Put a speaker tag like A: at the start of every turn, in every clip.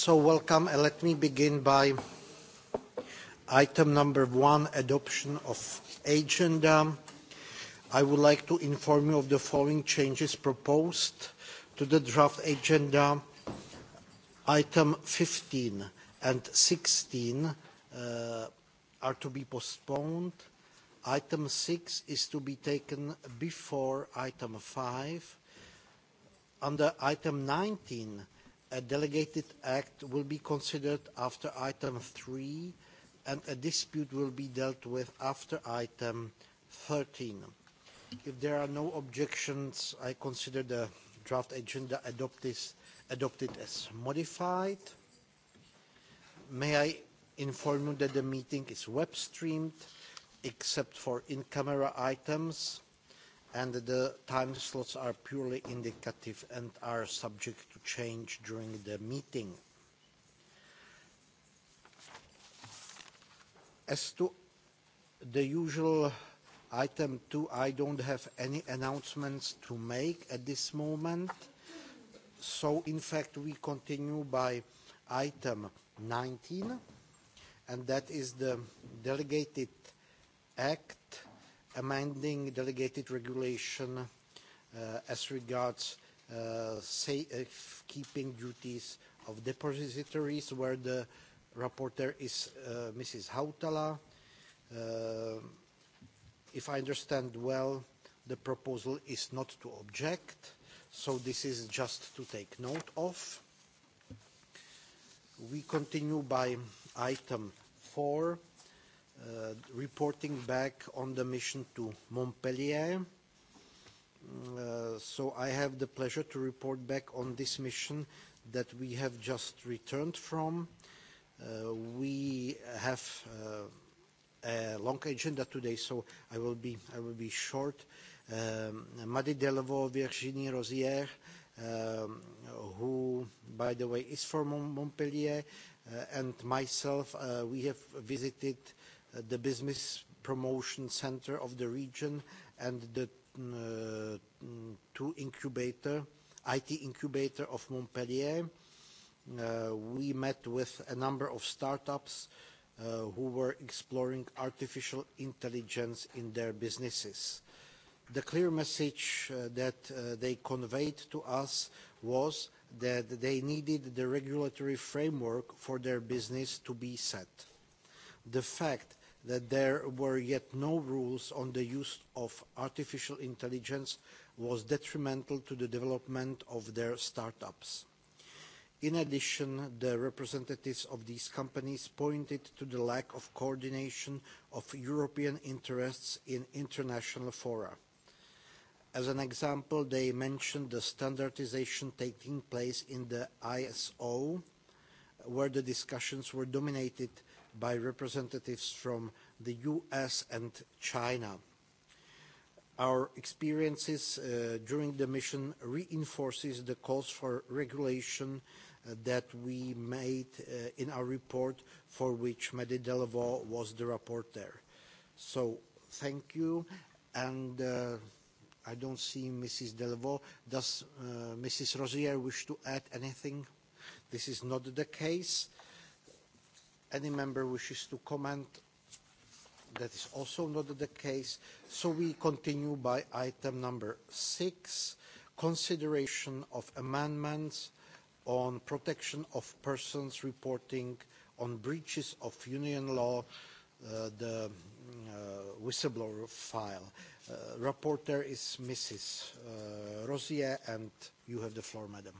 A: So welcome and let me begin by item number one, adoption of agenda. I would like to inform you of the following changes proposed to the draft agenda. Item 15 and 16 are to be postponed. Item 6 is to be taken before item 5. Under item 19, a delegated act will be considered after item 3 and a dispute will be dealt with after item 13. If there are no objections, I consider the draft agenda adopted as modified. May I inform you that the meeting is web-streamed except for in-camera items and the time slots are purely indicative and are subject to change during the meeting. As to the usual item two, I don't have any announcements to make at this moment. So, in fact, we continue by item 19, and that is the delegated act amending delegated regulation as regards safekeeping duties of depositories, where the rapporteur is Mrs. Hautala. If I understand well, the proposal is not to object, so this is just to take note of. We continue by item four reporting back on the mission to Montpellier. So I have the pleasure to report back on this mission that we have just returned from. We have a long agenda today, so I will be I will be short. Maddy Delevo, Virginie um who, by the way, is from Montpellier, and myself, we have visited the Business Promotion Center of the region and the two incubator, IT incubator of Montpellier. We met with a number of startups who were exploring artificial intelligence in their businesses. The clear message that they conveyed to us was that they needed the regulatory framework for their business to be set. The fact that there were yet no rules on the use of artificial intelligence was detrimental to the development of their startups. In addition, the representatives of these companies pointed to the lack of coordination of European interests in international fora. As an example, they mentioned the standardization taking place in the ISO, where the discussions were dominated by representatives from the US and China. Our experiences during the mission reinforces the calls for regulation that we made in our report for which Medi Delvaux was the rapporteur. So thank you and I don't see Mrs. Delvaux. Does Mrs. Rosier wish to add anything? This is not the case. Any member wishes to comment? That is also not the case. So we continue by item number six, consideration of amendments on protection of persons reporting on breaches of union law, the whistleblower file. Reporter is Mrs. Rosier, and you have the floor, madam.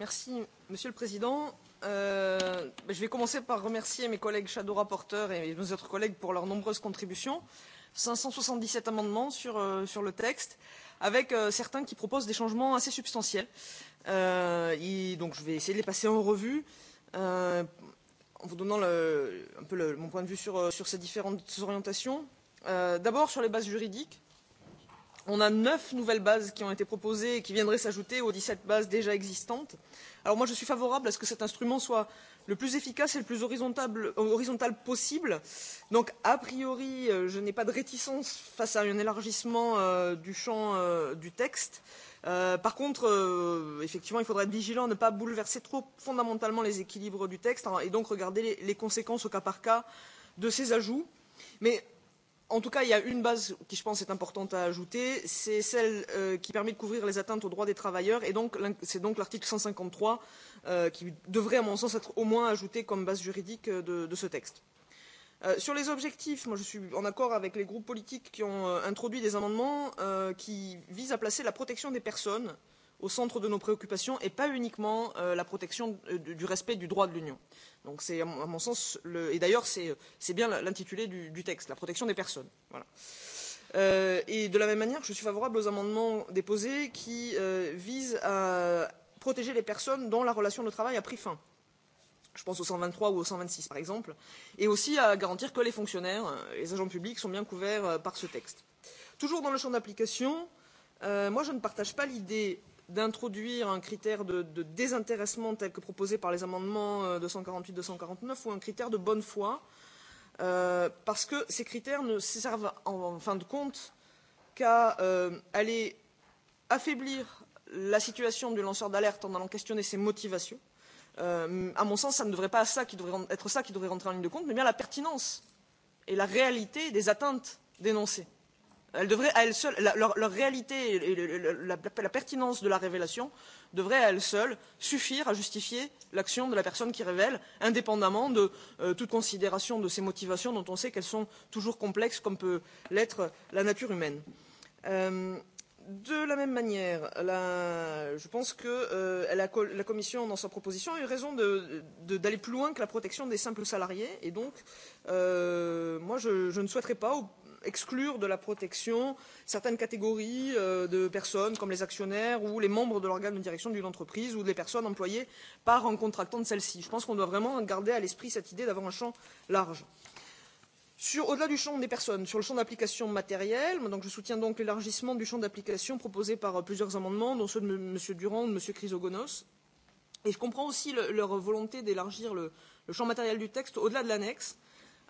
B: Merci, Monsieur le Président. Je vais commencer par remercier mes collègues shadow rapporteurs et nos autres collègues pour leurs nombreuses contributions. 577 amendements sur le texte, avec certains qui proposent des changements assez substantiels. et Donc je vais essayer de les passer en revue en vous donnant un peu mon point de vue sur ces différentes orientations. D'abord sur les bases juridiques on a neuf nouvelles bases qui ont été proposées et qui viendraient s'ajouter aux dix sept bases déjà existantes. alors moi je suis favorable à ce que cet instrument soit le plus efficace et le plus horizontal possible donc a priori je n'ai pas de réticence face à un élargissement du champ du texte. par contre effectivement il faudra être vigilant à ne pas bouleverser trop fondamentalement les équilibres du texte et donc regarder les conséquences au cas par cas de ces ajouts mais En tout cas, il y a une base qui, je pense, est importante à ajouter, c'est celle qui permet de couvrir les atteintes aux droits des travailleurs, et donc c'est donc l'article cent cinquante trois, qui devrait, à mon sens, être au moins ajouté comme base juridique de ce texte. Sur les objectifs, moi je suis en accord avec les groupes politiques qui ont introduit des amendements qui visent à placer la protection des personnes au centre de nos préoccupations et pas uniquement la protection du respect du droit de l'Union. Donc c'est à mon sens, le et d'ailleurs c'est bien l'intitulé du texte, la protection des personnes. Voilà. Et de la même manière, je suis favorable aux amendements déposés qui visent à protéger les personnes dont la relation de travail a pris fin. Je pense au 123 ou au 126 par exemple. Et aussi à garantir que les fonctionnaires, les agents publics sont bien couverts par ce texte. Toujours dans le champ d'application, moi je ne partage pas l'idée d'introduire un critère de désintéressement tel que proposé par les amendements 248-249 ou un critère de bonne foi, parce que ces critères ne servent en fin de compte qu'à aller affaiblir la situation du lanceur d'alerte en allant questionner ses motivations. À mon sens, ça ne devrait pas être ça qui devrait rentrer en ligne de compte, mais bien la pertinence et la réalité des atteintes dénoncées. Elle devrait à elle seule, la, leur, réalité et la, pertinence de la révélation devrait à elle seule suffire à justifier l'action de la personne qui révèle, indépendamment de toute considération de ses motivations dont on sait qu'elles sont toujours complexes comme peut l'être la nature humaine. de la même manière, la, je pense que la, la Commission, dans sa proposition, a eu raison d'aller plus loin que la protection des simples salariés. Et donc, moi, je, je ne souhaiterais pas, ou exclure de la protection certaines catégories de personnes comme les actionnaires ou les membres de l'organe de direction d'une entreprise ou les personnes employées par un contractant de celle-ci. Je pense qu'on doit vraiment garder à l'esprit cette idée d'avoir un champ large. Au-delà du champ des personnes, sur le champ d'application matériel, je soutiens donc l'élargissement du champ d'application proposé par plusieurs amendements, dont ceux de M. Durand, de M. Chrysogonos. Et je comprends aussi leur volonté d'élargir le champ matériel du texte au-delà de l'annexe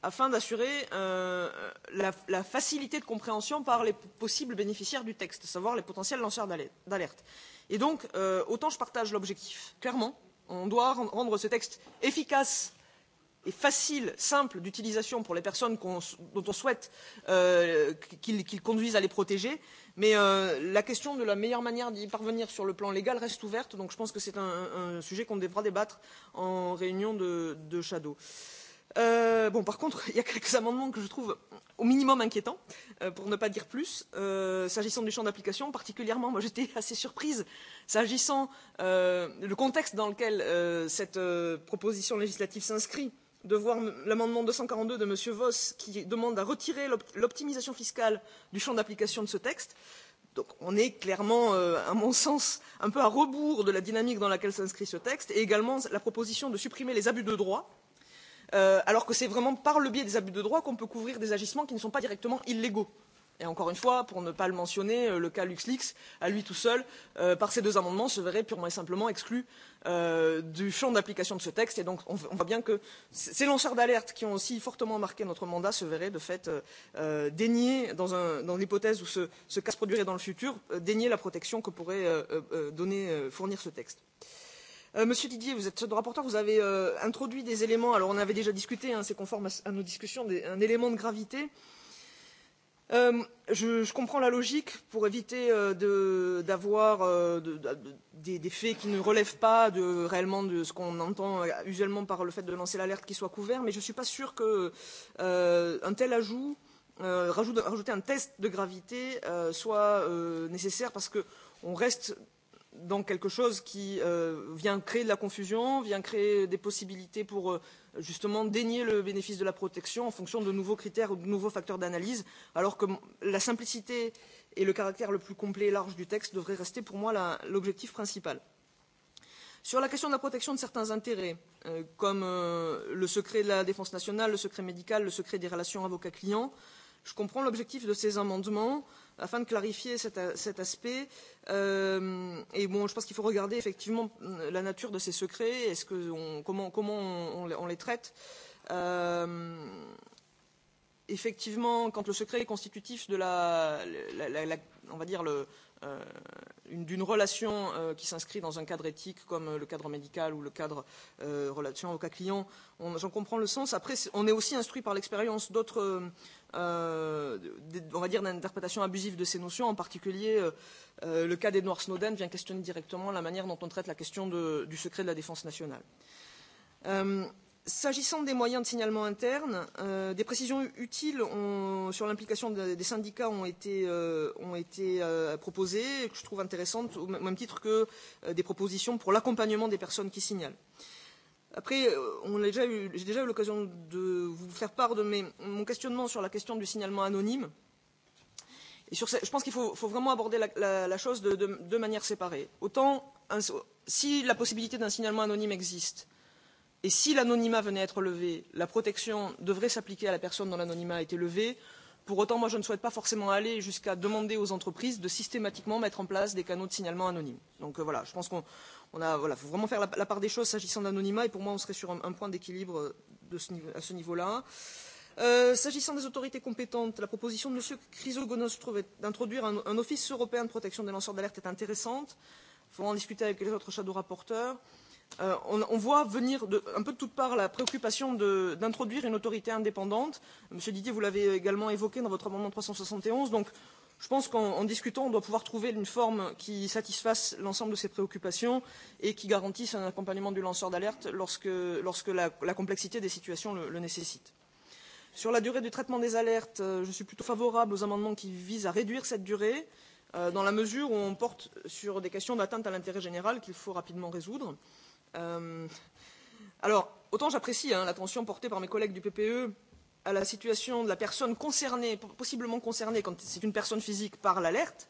B: afin d'assurer la facilité de compréhension par les possibles bénéficiaires du texte, à savoir les potentiels lanceurs d'alerte. Et donc, autant je partage l'objectif, clairement, on doit rendre ce texte efficace et facile, simple d'utilisation pour les personnes dont on souhaite qu'il conduisent à les protéger, mais la question de la meilleure manière d'y parvenir sur le plan légal reste ouverte, donc je pense que c'est un sujet qu'on devra débattre en réunion de shadow. Bon, par contre, il y a quelques amendements que je trouve au minimum inquiétants, pour ne pas dire plus, s'agissant du champ d'application. Particulièrement, moi, j'étais assez surprise s'agissant du contexte dans lequel cette proposition législative s'inscrit, de voir l'amendement deux cent quarante deux de M. Voss qui demande à retirer l'optimisation fiscale du champ d'application de ce texte. Donc on est clairement, à mon sens, un peu à rebours de la dynamique dans laquelle s'inscrit ce texte, et également la proposition de supprimer les abus de droit alors que c'est vraiment par le biais des abus de droit qu'on peut couvrir des agissements qui ne sont pas directement illégaux. Et encore une fois, pour ne pas le mentionner, le cas LuxLeaks, à lui tout seul, par ces deux amendements, se verrait purement et simplement exclu du champ d'application de ce texte. Et donc, on voit bien que ces lanceurs d'alerte, qui ont aussi fortement marqué notre mandat, se verraient de fait dénier, dans l'hypothèse où ce cas se produirait dans le futur, dénier la protection que pourrait fournir ce texte. Monsieur Didier, vous êtes le rapporteur, vous avez introduit des éléments, alors on avait déjà discuté, c'est conforme à nos discussions, un élément de gravité. Je comprends la logique pour éviter d'avoir des faits qui ne relèvent pas de réellement de ce qu'on entend usuellement par le fait de lancer l'alerte qui soit couvert, mais je ne suis pas sûr qu'un tel ajout, rajouter un test de gravité, soit nécessaire parce qu'on reste donc quelque chose qui vient créer de la confusion, vient créer des possibilités pour justement dénier le bénéfice de la protection en fonction de nouveaux critères ou de nouveaux facteurs d'analyse, alors que la simplicité et le caractère le plus complet et large du texte devraient rester pour moi l'objectif principal. Sur la question de la protection de certains intérêts, comme le secret de la défense nationale, le secret médical, le secret des relations avocats-clients, je comprends l'objectif de ces amendements afin de clarifier cet aspect. Et bon, je pense qu'il faut regarder effectivement la nature de ces secrets, est-ce que comment on les traite. Effectivement, quand le secret est constitutif de la la la, on va dire le d'une relation qui s'inscrit dans un cadre éthique comme le cadre médical ou le cadre relation au cas client. J'en comprends le sens. Après, on est aussi instruit par l'expérience d'autres, on va dire, d'interprétations abusives de ces notions. En particulier, le cas d'Edward Snowden vient questionner directement la manière dont on traite la question du secret de la défense nationale. S'agissant des moyens de signalement interne, des précisions utiles sur l'implication des syndicats ont été proposées, que je trouve intéressantes, au même titre que des propositions pour l'accompagnement des personnes qui signalent. Après, j'ai déjà eu l'occasion de vous faire part de mon questionnement sur la question du signalement anonyme. Et sur je pense qu'il faut vraiment aborder la chose de manière séparée. Autant, si la possibilité d'un signalement anonyme existe, et si l'anonymat venait à être levé la protection devrait s'appliquer à la personne dont l'anonymat a été levé. pour autant moi je ne souhaite pas forcément aller jusqu'à demander aux entreprises de systématiquement mettre en place des canaux de signalement anonymes. donc voilà je pense qu'on a voilà faut vraiment faire la part des choses s'agissant d'anonymat, et pour moi on serait sur un point d'équilibre à ce niveau là. S'agissant des autorités compétentes, la proposition de M. Chrysogonos d'introduire un office européen de protection des lanceurs d'alerte est intéressante. Il faudra en discuter avec les autres shadow rapporteurs on voit venir un peu de toutes parts la préoccupation d'introduire une autorité indépendante. Monsieur Didier, vous l'avez également évoqué dans votre amendement 371. Donc, je pense qu'en discutant, on doit pouvoir trouver une forme qui satisfasse l'ensemble de ces préoccupations et qui garantisse un accompagnement du lanceur d'alerte lorsque la complexité des situations le nécessite. Sur la durée du traitement des alertes, je suis plutôt favorable aux amendements qui visent à réduire cette durée, dans la mesure où on porte sur des questions d'atteinte à l'intérêt général qu'il faut rapidement résoudre. Alors, autant j'apprécie l'attention portée par mes collègues du PPE à la situation de la personne concernée, possiblement concernée, quand c'est une personne physique, par l'alerte,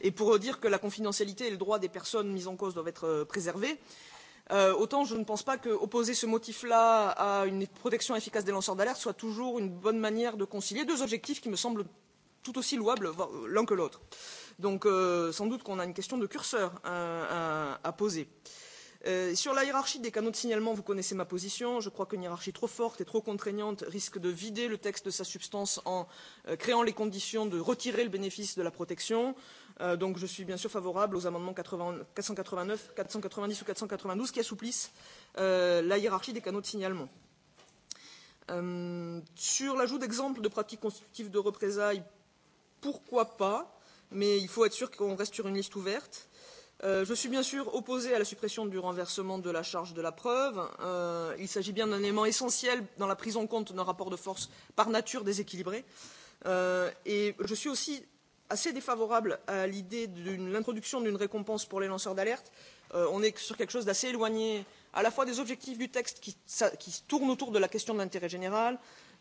B: et pour dire que la confidentialité et le droit des personnes mises en cause doivent être préservés, autant je ne pense pas qu'opposer ce motif-là à une protection efficace des lanceurs d'alerte soit toujours une bonne manière de concilier deux objectifs qui me semblent tout aussi louables l'un que l'autre. Donc sans doute qu'on a une question de curseur à poser. Sur la hiérarchie des canaux de signalement, vous connaissez ma position. Je crois qu'une hiérarchie trop forte et trop contraignante risque de vider le texte de sa substance en créant les conditions de retirer le bénéfice de la protection. Donc je suis bien sûr favorable aux amendements 489, 490 ou 492 qui assouplissent la hiérarchie des canaux de signalement. Sur l'ajout d'exemples de pratiques constitutives de représailles, pourquoi pas, mais il faut être sûr qu'on reste sur une liste ouverte. Je suis bien sûr opposé à la suppression du renversement de la charge de la preuve. Il s'agit bien d'un élément essentiel dans la prise en compte d'un rapport de force par nature déséquilibré. Et je suis aussi assez défavorable à l'idée de l'introduction d'une récompense pour les lanceurs d'alerte. On est sur quelque chose d'assez éloigné à la fois des objectifs du texte qui tournent autour de la question de l'intérêt général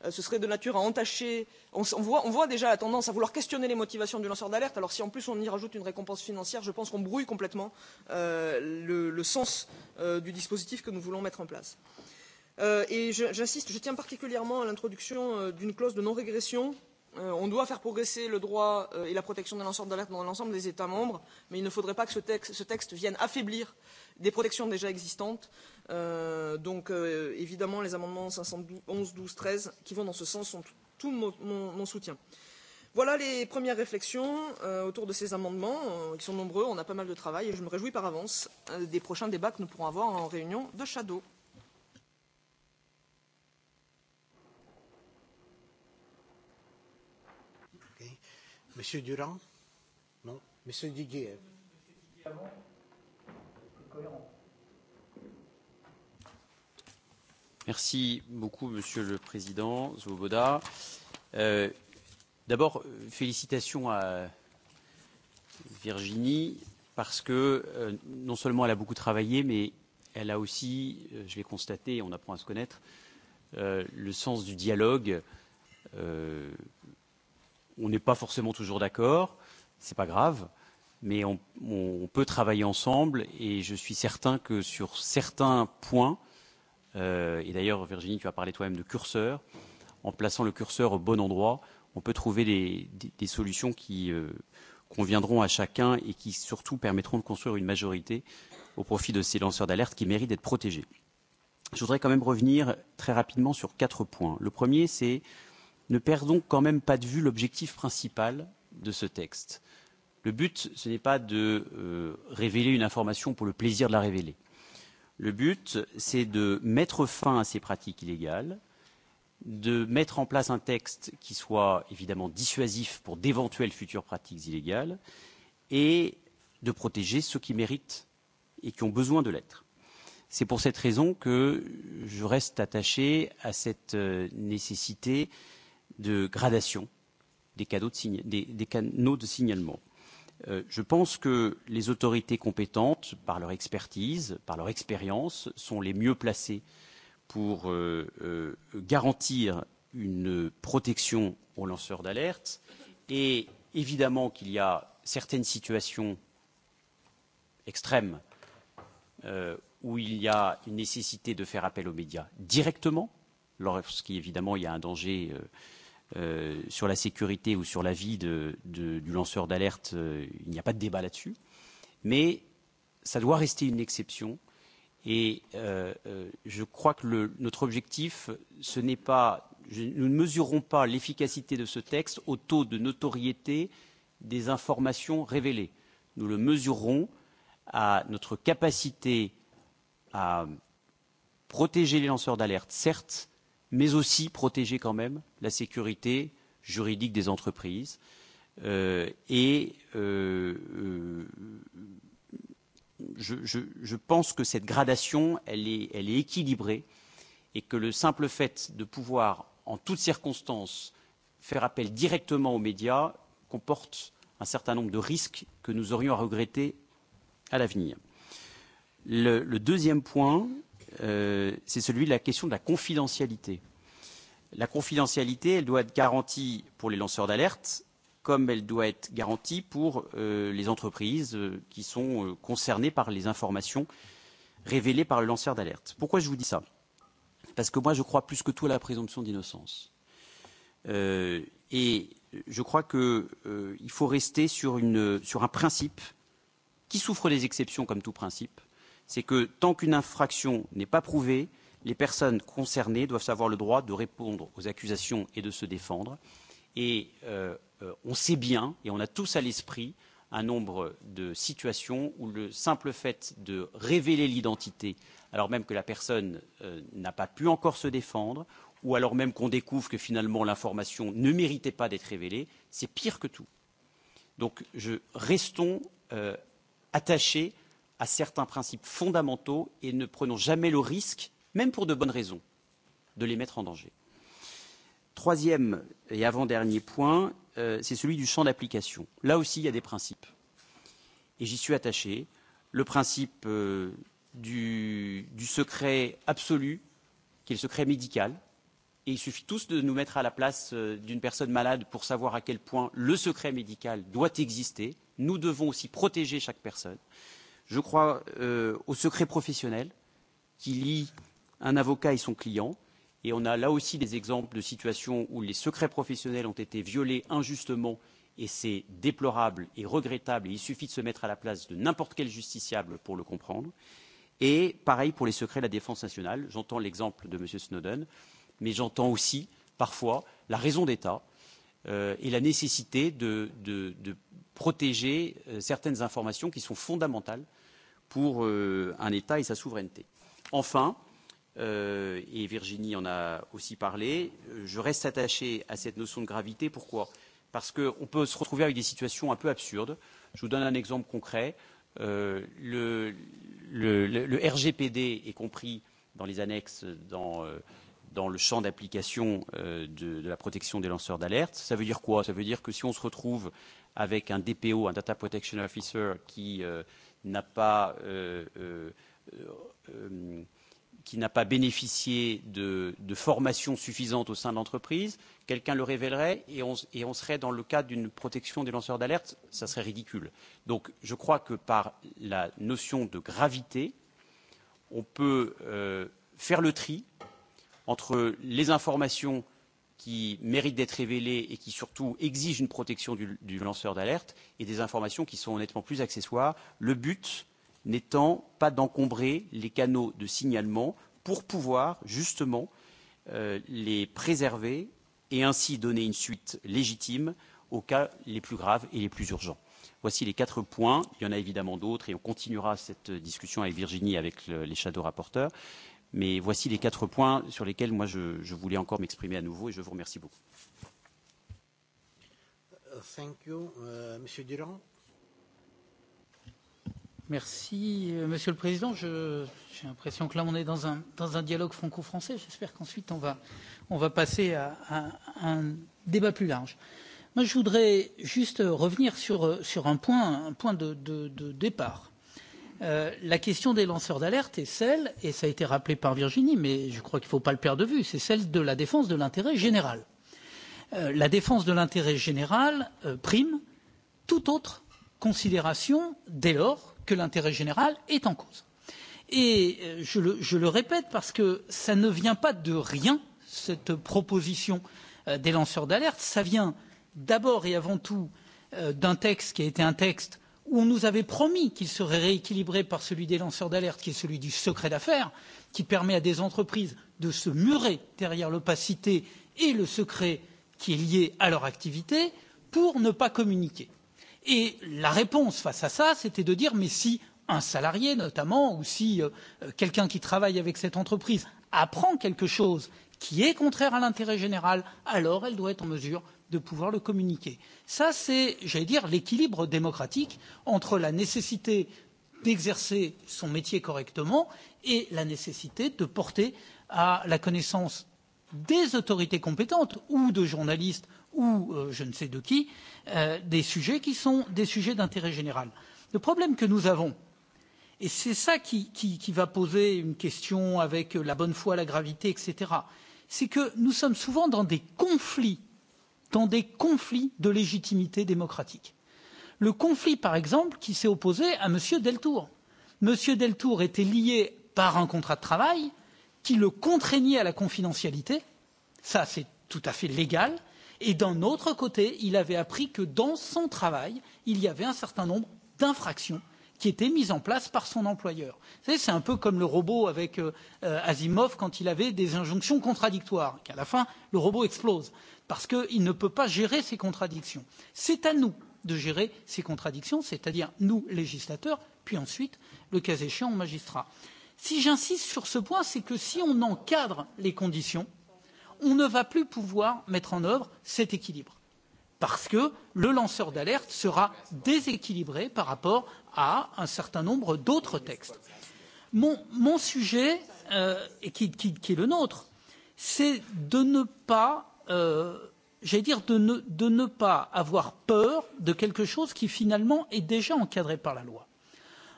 B: ce serait de nature à entacher on voit déjà la tendance à vouloir questionner les motivations du lanceur d'alerte alors si en plus on y rajoute une récompense financière je pense qu'on brouille complètement le sens du dispositif que nous voulons mettre en place. et j'insiste je tiens particulièrement à l'introduction d'une clause de non régression on doit faire progresser le droit et la protection des lanceurs d'alerte dans l'ensemble des états membres mais il ne faudrait pas que ce texte vienne affaiblir des protections déjà existantes. donc évidemment les amendements 511, 12, 13 qui vont dans ce sens sont tout mon soutien. voilà les premières réflexions autour de ces amendements qui sont nombreux on a pas mal de travail et je me réjouis par avance des prochains débats que nous pourrons avoir en réunion de shadow.
A: Monsieur Durand Non Monsieur Didier
C: Merci beaucoup, Monsieur le Président Zoboda. Euh, D'abord, félicitations à Virginie, parce que non seulement elle a beaucoup travaillé, mais elle a aussi, je l'ai constaté, on apprend à se connaître, euh, le sens du dialogue, euh, on n'est pas forcément toujours d'accord, ce n'est pas grave, mais on, on peut travailler ensemble et je suis certain que sur certains points, euh, et d'ailleurs Virginie, tu as parlé toi-même de curseur, en plaçant le curseur au bon endroit, on peut trouver des, des, solutions qui conviendront à chacun et qui surtout permettront de construire une majorité au profit de ces lanceurs d'alerte qui méritent d'être protégés. Je voudrais quand même revenir très rapidement sur quatre points. Le premier, c'est ne perdons quand même pas de vue l'objectif principal de ce texte. Le but, ce n'est pas de révéler une information pour le plaisir de la révéler. Le but, c'est de mettre fin à ces pratiques illégales, de mettre en place un texte qui soit évidemment dissuasif pour d'éventuelles futures pratiques illégales et de protéger ceux qui méritent et qui ont besoin de l'être. C'est pour cette raison que je reste attaché à cette nécessité de gradation des cadeaux des canaux de signalement. Je pense que les autorités compétentes, par leur expertise, par leur expérience, sont les mieux placées pour garantir une protection aux lanceurs d'alerte. Et évidemment qu'il y a certaines situations extrêmes où il y a une nécessité de faire appel aux médias directement, lorsqu'évidemment il y a un danger sur la sécurité ou sur la vie de, de, du lanceur d'alerte, il n'y a pas de débat là-dessus. Mais ça doit rester une exception. Et euh, je crois que le, notre objectif, ce n'est pas, nous ne mesurons pas l'efficacité de ce texte au taux de notoriété des informations révélées. Nous le mesurons à notre capacité à protéger les lanceurs d'alerte, certes, mais aussi protéger quand même la sécurité juridique des entreprises et je pense que cette gradation elle est équilibrée et que le simple fait de pouvoir en toutes circonstances faire appel directement aux médias comporte un certain nombre de risques que nous aurions à regretter à l'avenir. Le deuxième point c'est celui de la question de la confidentialité. La confidentialité, elle doit être garantie pour les lanceurs d'alerte, comme elle doit être garantie pour les entreprises qui sont concernées par les informations révélées par le lanceur d'alerte. Pourquoi je vous dis ça Parce que moi, je crois plus que tout à la présomption d'innocence. Et je crois qu'il faut rester sur un principe qui souffre des exceptions comme tout principe, c'est que tant qu'une infraction n'est pas prouvée, les personnes concernées doivent avoir le droit de répondre aux accusations et de se défendre. Et on sait bien, et on a tous à l'esprit, un nombre de situations où le simple fait de révéler l'identité, alors même que la personne n'a pas pu encore se défendre, ou alors même qu'on découvre que finalement l'information ne méritait pas d'être révélée, c'est pire que tout. Donc, je restons attachés à certains principes fondamentaux et ne prenons jamais le risque, même pour de bonnes raisons, de les mettre en danger. Troisième et avant-dernier point, c'est celui du champ d'application. Là aussi, il y a des principes. Et j'y suis attaché. Le principe du secret absolu, qui est le secret médical. Et il suffit tous de nous mettre à la place d'une personne malade pour savoir à quel point le secret médical doit exister. Nous devons aussi protéger chaque personne. Je crois au secret professionnel qui lie un avocat et son client. Et on a là aussi des exemples de situations où les secrets professionnels ont été violés injustement et c'est déplorable et regrettable et il suffit de se mettre à la place de n'importe quel justiciable pour le comprendre. Et pareil pour les secrets de la défense nationale. J'entends l'exemple de M. Snowden, mais j'entends aussi parfois la raison d'État et la nécessité de protéger certaines informations qui sont fondamentales pour un État et sa souveraineté. Enfin, et Virginie en a aussi parlé, je reste attaché à cette notion de gravité. Pourquoi Parce qu'on peut se retrouver avec des situations un peu absurdes. Je vous donne un exemple concret. Le RGPD est compris dans les annexes, dans le champ d'application de la protection des lanceurs d'alerte. Ça veut dire quoi Ça veut dire que si on se retrouve avec un DPO, un Data Protection Officer, qui n'a pas qui n'a pas bénéficié de formation suffisante au sein de l'entreprise, quelqu'un le révélerait et on serait dans le cadre d'une protection des lanceurs d'alerte, ça serait ridicule. Donc je crois que par la notion de gravité, on peut faire le tri entre les informations qui méritent d'être révélées et qui surtout exigent une protection du lanceur d'alerte et des informations qui sont honnêtement plus accessoires, le but n'étant pas d'encombrer les canaux de signalement pour pouvoir justement les préserver et ainsi donner une suite légitime aux cas les plus graves et les plus urgents. Voici les quatre points. Il y en a évidemment d'autres et on continuera cette discussion avec Virginie, avec les shadow rapporteurs. Mais voici les quatre points sur lesquels moi je, je voulais encore m'exprimer à nouveau et je vous remercie beaucoup.
A: Thank you. Monsieur Durand.
D: Merci, Monsieur le Président. J'ai l'impression que là, on est dans un, dans un dialogue franco-français. J'espère qu'ensuite, on va, on va passer à, à un débat plus large. Moi, je voudrais juste revenir sur, sur un point, un point de, de, de départ la question des lanceurs d'alerte est celle, et ça a été rappelé par Virginie, mais je crois qu'il ne faut pas le perdre de vue, c'est celle de la défense de l'intérêt général. La défense de l'intérêt général prime toute autre considération dès lors que l'intérêt général est en cause. Et je le répète parce que ça ne vient pas de rien, cette proposition des lanceurs d'alerte, ça vient d'abord et avant tout d'un texte qui a été un texte on nous avait promis qu'il serait rééquilibré par celui des lanceurs d'alerte, qui est celui du secret d'affaires, qui permet à des entreprises de se murer derrière l'opacité et le secret qui est lié à leur activité pour ne pas communiquer. Et la réponse face à ça, c'était de dire mais si un salarié notamment ou si quelqu'un qui travaille avec cette entreprise apprend quelque chose qui est contraire à l'intérêt général, alors elle doit être en mesure de pouvoir le communiquer. Ça, c'est, j'allais dire, l'équilibre démocratique entre la nécessité d'exercer son métier correctement et la nécessité de porter à la connaissance des autorités compétentes ou de journalistes ou je ne sais de qui des sujets qui sont des sujets d'intérêt général. Le problème que nous avons, et c'est ça qui va poser une question avec la bonne foi, la gravité, etc., c'est que nous sommes souvent dans des conflits dans des conflits de légitimité démocratique. Le conflit, par exemple, qui s'est opposé à M. Deltour. M. Deltour était lié par un contrat de travail qui le contraignait à la confidentialité. Ça, c'est tout à fait légal. Et d'un autre côté, il avait appris que dans son travail, il y avait un certain nombre d'infractions qui était mise en place par son employeur. C'est un peu comme le robot avec Asimov quand il avait des injonctions contradictoires, qu'à la fin, le robot explose, parce qu'il ne peut pas gérer ces contradictions. C'est à nous de gérer ces contradictions, c'est-à-dire nous, législateurs, puis ensuite, le cas échéant, magistrat. Si j'insiste sur ce point, c'est que si on encadre les conditions, on ne va plus pouvoir mettre en œuvre cet équilibre parce que le lanceur d'alerte sera déséquilibré par rapport à un certain nombre d'autres textes. Mon sujet, qui est le nôtre, c'est de ne pas, dire, de ne pas avoir peur de quelque chose qui finalement est déjà encadré par la loi.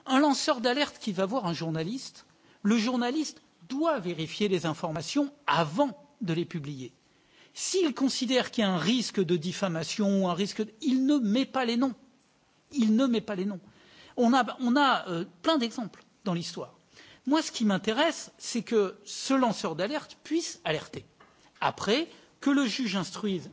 D: Un lanceur d'alerte qui va voir un journaliste, le journaliste doit vérifier les informations avant de les publier. S'il considère qu'il y a un risque de diffamation, ou un risque, il ne met pas les noms. Il ne met pas les noms. On a, on a plein d'exemples dans l'histoire. Moi, ce qui m'intéresse, c'est que ce lanceur d'alerte puisse alerter. Après, que le juge instruise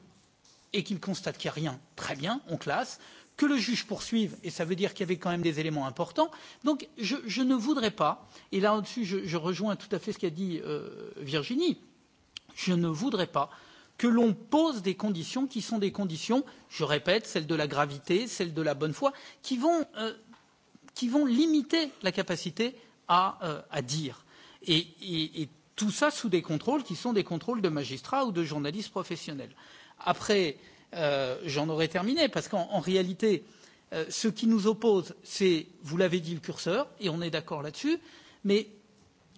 D: et qu'il constate qu'il n'y a rien, très bien, on classe. Que le juge poursuive, et ça veut dire qu'il y avait quand même des éléments importants. Donc, je, je ne voudrais pas, et là-dessus, je, je rejoins tout à fait ce qu'a dit Virginie, je ne voudrais pas que l'on pose des conditions qui sont des conditions, je répète, celles de la gravité, celles de la bonne foi, qui vont limiter la capacité à dire. Et tout ça sous des contrôles qui sont des contrôles de magistrats ou de journalistes professionnels. Après, j'en aurais terminé, parce qu'en réalité, ce qui nous oppose, c'est, vous l'avez dit, le curseur, et on est d'accord là-dessus, mais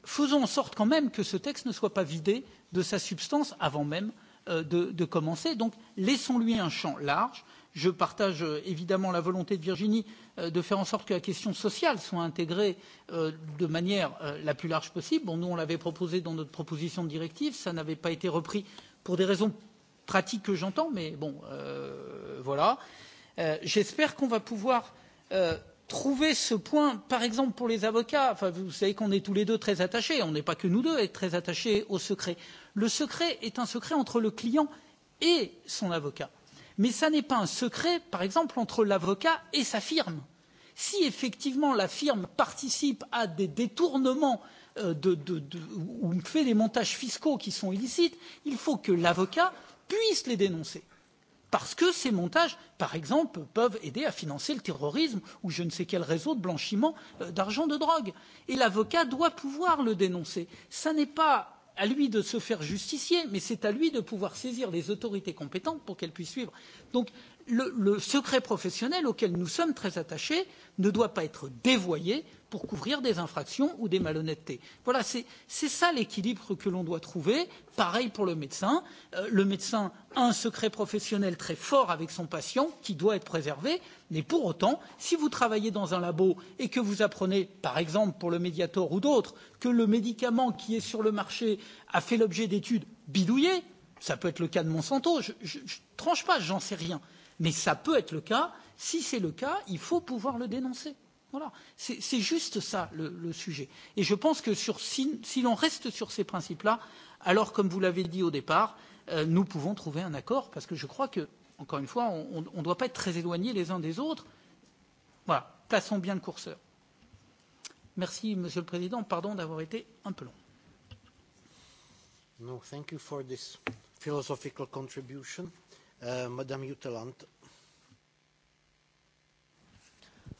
D: faisons en sorte quand même que ce texte ne soit pas vidé de sa substance avant même de commencer. Donc, laissons-lui un champ large. Je partage évidemment la volonté de Virginie de faire en sorte que la question sociale soit intégrée de manière la plus large possible. Bon, nous, on l'avait proposé dans notre proposition de directive. Ça n'avait pas été repris pour des raisons pratiques que j'entends, mais bon, voilà. J'espère qu'on va pouvoir trouver ce point, par exemple, pour les avocats. Enfin, vous savez qu'on est tous les deux très attachés. On n'est pas que nous deux, être très attachés au secret le secret est un secret entre le client et son avocat mais ce n'est pas un secret par exemple entre l'avocat et sa firme. si effectivement la firme participe à des détournements ou fait des montages fiscaux qui sont illicites il faut que l'avocat puisse les dénoncer parce que ces montages par exemple peuvent aider à financer le terrorisme ou je ne sais quel réseau de blanchiment d'argent de drogue et l'avocat doit pouvoir le dénoncer. ce n'est pas à lui de se faire justicier, mais c'est à lui de pouvoir saisir les autorités compétentes pour qu'elles puissent suivre. Donc, le secret professionnel auquel nous sommes très attachés ne doit pas être dévoyé pour couvrir des infractions ou des malhonnêtetés. Voilà, c'est ça l'équilibre que l'on doit trouver. Pareil pour le médecin. Le médecin a un secret professionnel très fort avec son patient qui doit être préservé. Mais pour autant, si vous travaillez dans un labo et que vous apprenez, par exemple pour le Mediator ou d'autres, que le médicament qui est sur le marché a fait l'objet d'études bidouillées, ça peut être le cas de Monsanto, je ne tranche pas, j'en sais rien mais ça peut être le cas si c'est le cas il faut pouvoir le dénoncer voilà c'est juste ça le le sujet et je pense que sur si l'on reste sur ces principes là alors comme vous l'avez dit au départ nous pouvons trouver un accord parce que je crois que encore une fois on ne doit pas être très éloignés les uns des autres voilà passons bien le curseur merci monsieur le président pardon d'avoir été un peu long
A: no thank you for this philosophical contribution Madame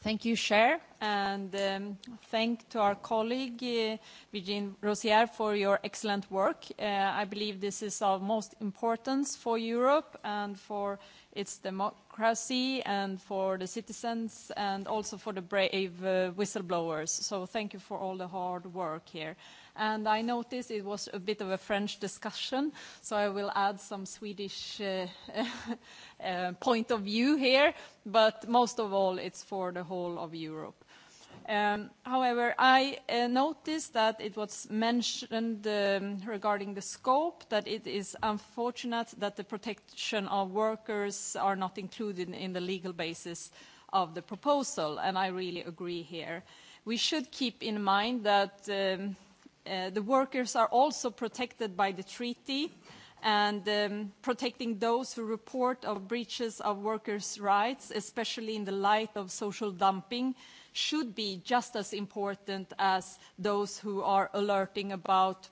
E: Thank you, Chair, and thank to our colleague, Virginie Rosier for your excellent work. I believe this is of most importance for Europe and for its democracy and for the citizens and also for the brave whistleblowers. So thank you for all the hard work here. And I noticed it was a bit of a French discussion, so I will add some Swedish point of view here, but most of all it's for the whole of Europe. However, I noticed that it was mentioned regarding the scope that it is unfortunate that the protection of workers are not included in the legal basis of the proposal, and I really agree here. We should keep in mind that The workers are also protected by the treaty and protecting those who report of breaches of workers' rights, especially in the light of social dumping, should be just as important as those who are alerting about,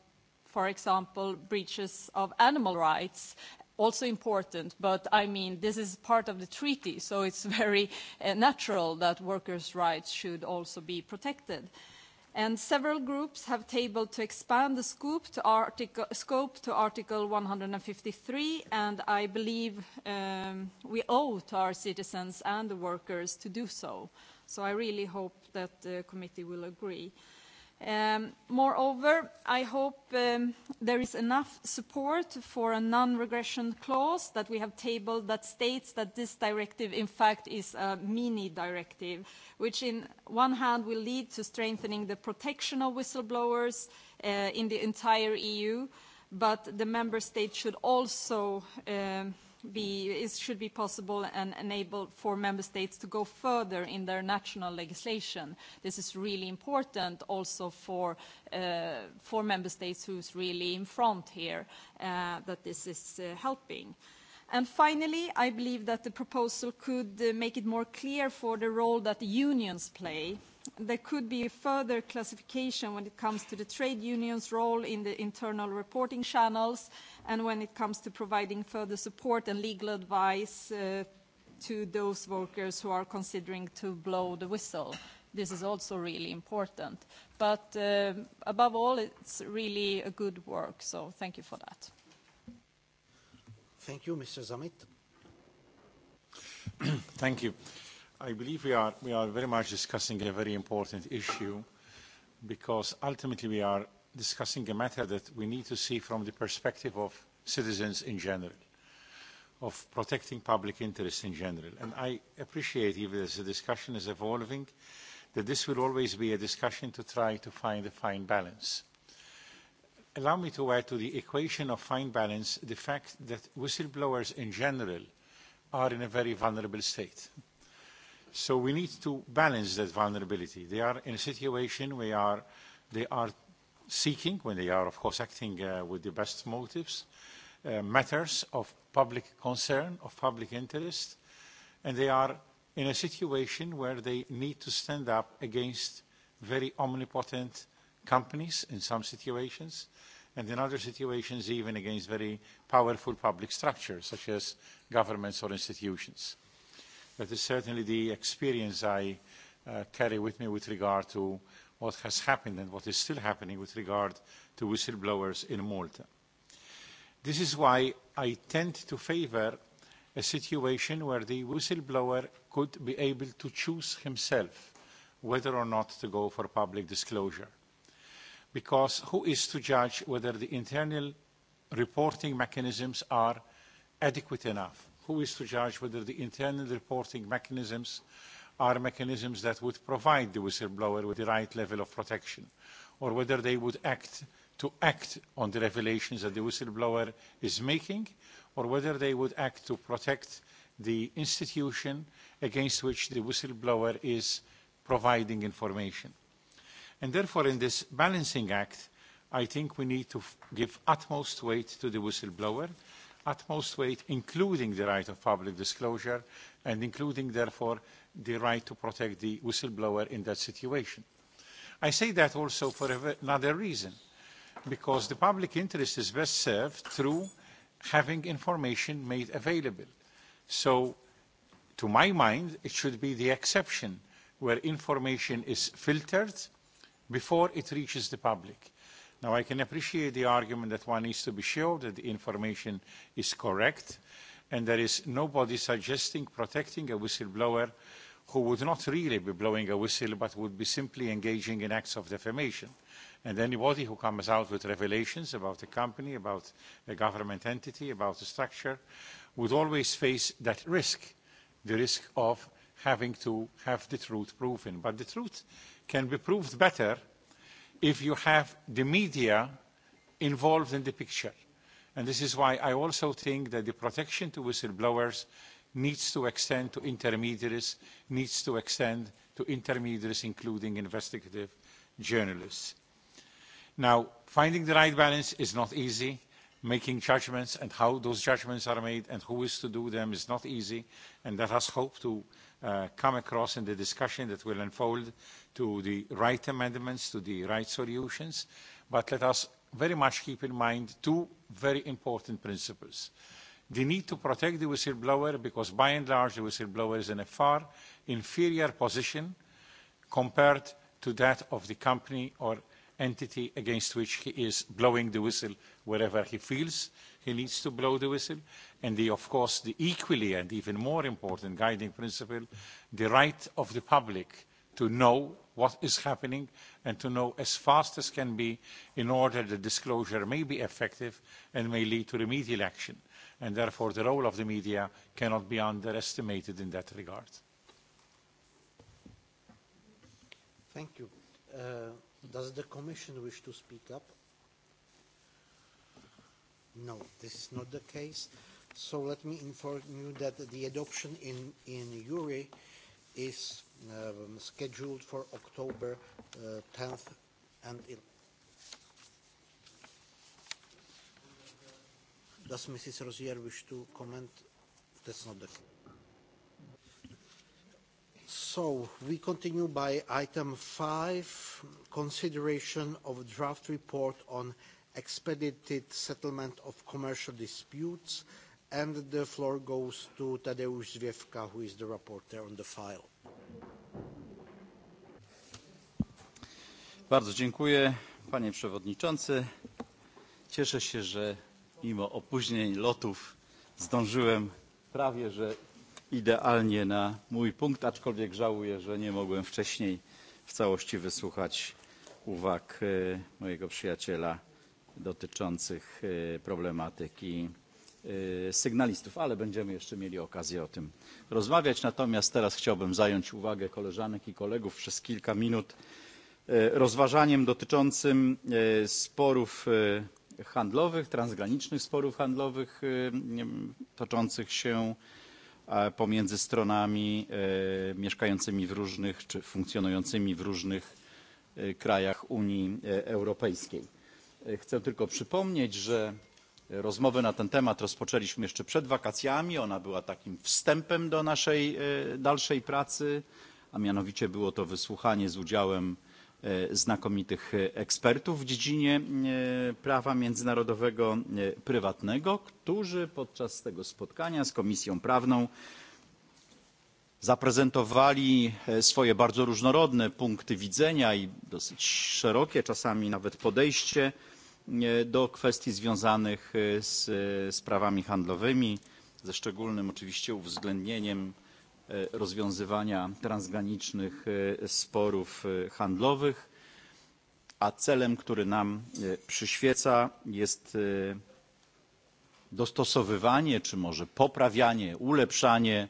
E: for example, breaches of animal rights. Also important, but I mean, this is part of the treaty, so it's very natural that workers' rights should also be protected and several groups have tabled to expand the scope to Article 153, and I believe we owe to our citizens and the workers to do so. So I really hope that the committee will agree. Moreover, I hope there is enough support for a non-regression clause that we have tabled that states that this directive, in fact, is a mini-directive, which in one hand will lead to strengthening the protection of whistleblowers in the entire EU, but the member states should also be should be possible and enable for member states to go further in their national legislation. This is really important also for for member states who's really in front here that this is helping. And finally, I believe that the proposal could make it more clear for the role that the unions play. There could be a further classification when it comes to the trade union's role in the internal reporting channels and when it comes to providing further support and legal advice to those workers who are considering to blow the whistle. This is also really important. But above all, it's really a good work, so thank you for that.
A: Thank you, Mr. Zamit.
F: Thank you. I believe we are, we are very much discussing a very important issue because ultimately we are discussing a matter that we need to see from the perspective of citizens in general, of protecting public interest in general. And I appreciate, even as the discussion is evolving, that this will always be a discussion to try to find a fine balance. Allow me to add to the equation of fine balance the fact that whistleblowers in general are in a very vulnerable state. So we need to balance that vulnerability. They are in a situation where they are seeking, when they are, of course, acting with the best motives, matters of public concern, of public interest, and they are in a situation where they need to stand up against very omnipotent companies in some situations, and in other situations even against very powerful public structures, such as governments or institutions. That is certainly the experience I carry with me with regard to what has happened and what is still happening with regard to whistleblowers in Malta. This is why I tend to favour a situation where the whistleblower could be able to choose himself whether or not to go for public disclosure. Because who is to judge whether the internal reporting mechanisms are adequate enough? Who is to judge whether the internal reporting mechanisms are mechanisms that would provide the whistleblower with the right level of protection, or whether they would act to act on the revelations that the whistleblower is making, or whether they would act to protect the institution against which the whistleblower is providing information. And therefore, in this balancing act, I think we need to give utmost weight to the whistleblower, utmost weight including the right of public disclosure, and including, therefore, the right to protect the whistleblower in that situation. I say that also for another reason, because the public interest is best served through having information made available. So, to my mind, it should be the exception where information is filtered before it reaches the public. Now, I can appreciate the argument that one needs to be sure that the information is correct, and there is nobody suggesting protecting a whistleblower who would not really be blowing a whistle but would be simply engaging in acts of defamation. And anybody who comes out with revelations about a company, about a government entity, about a structure, would always face that risk, the risk of having to have the truth proven. But the truth can be proved better if you have the media involved in the picture. And this is why I also think that the protection to whistleblowers needs to extend to intermediaries, needs to extend to intermediaries including investigative journalists. Now, finding the right balance is not easy. Making judgments and how those judgments are made and who is to do them is not easy, and let us hope to come across in the discussion that will unfold to the right amendments, to the right solutions. But let us very much keep in mind two very important principles the need to protect the whistle whistleblower because by and large the whistleblower is in a far inferior position compared to that of the company or entity against which he is blowing the whistle wherever he feels he needs to blow the whistle and of course the equally and even more important guiding principle the right of the public to know what is happening and to know as fast as can be in order that disclosure may be effective and may lead to remedial action and therefore the role of the media cannot be underestimated in that regard.
A: Thank you. Does the Commission wish to speak up? No, this is not the case. So let me inform you that the adoption in in URI is scheduled for October 10th and Does Mrs. sich wish to comment? That's not the So we continue by item five, consideration of a draft report on expedited settlement of commercial disputes, and the floor goes to Tadeusz Zwiefka, who is the reporter on the file.
G: Bardzo dziękuję, panie przewodniczący. Cieszę się, że mimo opóźnień lotów zdążyłem prawie że idealnie na mój punkt, aczkolwiek żałuję, że nie mogłem wcześniej w całości wysłuchać uwag mojego przyjaciela dotyczących problematyki sygnalistów, ale będziemy jeszcze mieli okazję o tym rozmawiać. Natomiast teraz chciałbym zająć uwagę koleżanek i kolegów przez kilka minut rozważaniem dotyczącym sporów handlowych, transgranicznych sporów handlowych toczących się pomiędzy stronami mieszkającymi w różnych czy funkcjonującymi w różnych krajach Unii Europejskiej. Chcę tylko przypomnieć, że rozmowę na ten temat rozpoczęliśmy jeszcze przed wakacjami. Ona była takim wstępem do naszej dalszej pracy, a mianowicie było to wysłuchanie z udziałem znakomitych ekspertów w dziedzinie prawa międzynarodowego prywatnego, którzy podczas tego spotkania z Komisją Prawną zaprezentowali swoje bardzo różnorodne punkty widzenia i dosyć szerokie czasami nawet podejście do kwestii związanych z sprawami handlowymi, ze szczególnym oczywiście uwzględnieniem rozwiązywania transgranicznych sporów handlowych, a celem, który nam przyświeca, jest dostosowywanie, czy może poprawianie, ulepszanie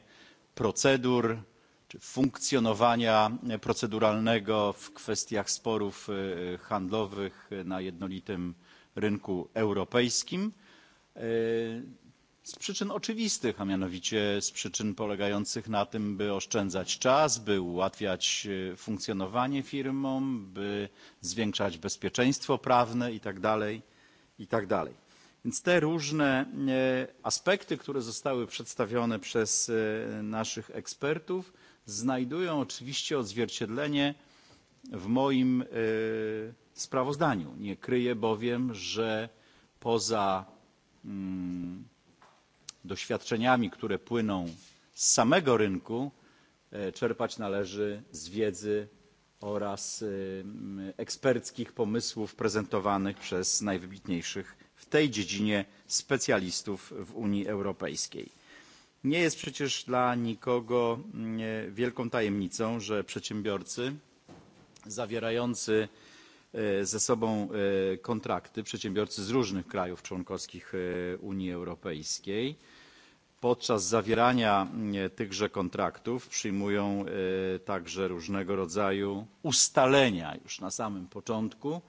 G: procedur czy funkcjonowania proceduralnego w kwestiach sporów handlowych na jednolitym rynku europejskim z przyczyn oczywistych a mianowicie z przyczyn polegających na tym by oszczędzać czas by ułatwiać funkcjonowanie firmom by zwiększać bezpieczeństwo prawne i tak i tak więc te różne aspekty które zostały przedstawione przez naszych ekspertów znajdują oczywiście odzwierciedlenie w moim sprawozdaniu. nie kryję bowiem że poza doświadczeniami, które płyną z samego rynku, czerpać należy z wiedzy oraz eksperckich pomysłów prezentowanych przez najwybitniejszych w tej dziedzinie specjalistów w Unii Europejskiej. Nie jest przecież dla nikogo wielką tajemnicą, że przedsiębiorcy zawierający ze sobą kontrakty, przedsiębiorcy z różnych krajów członkowskich Unii Europejskiej, podczas zawierania tychże kontraktów przyjmują także różnego rodzaju ustalenia już na samym początku.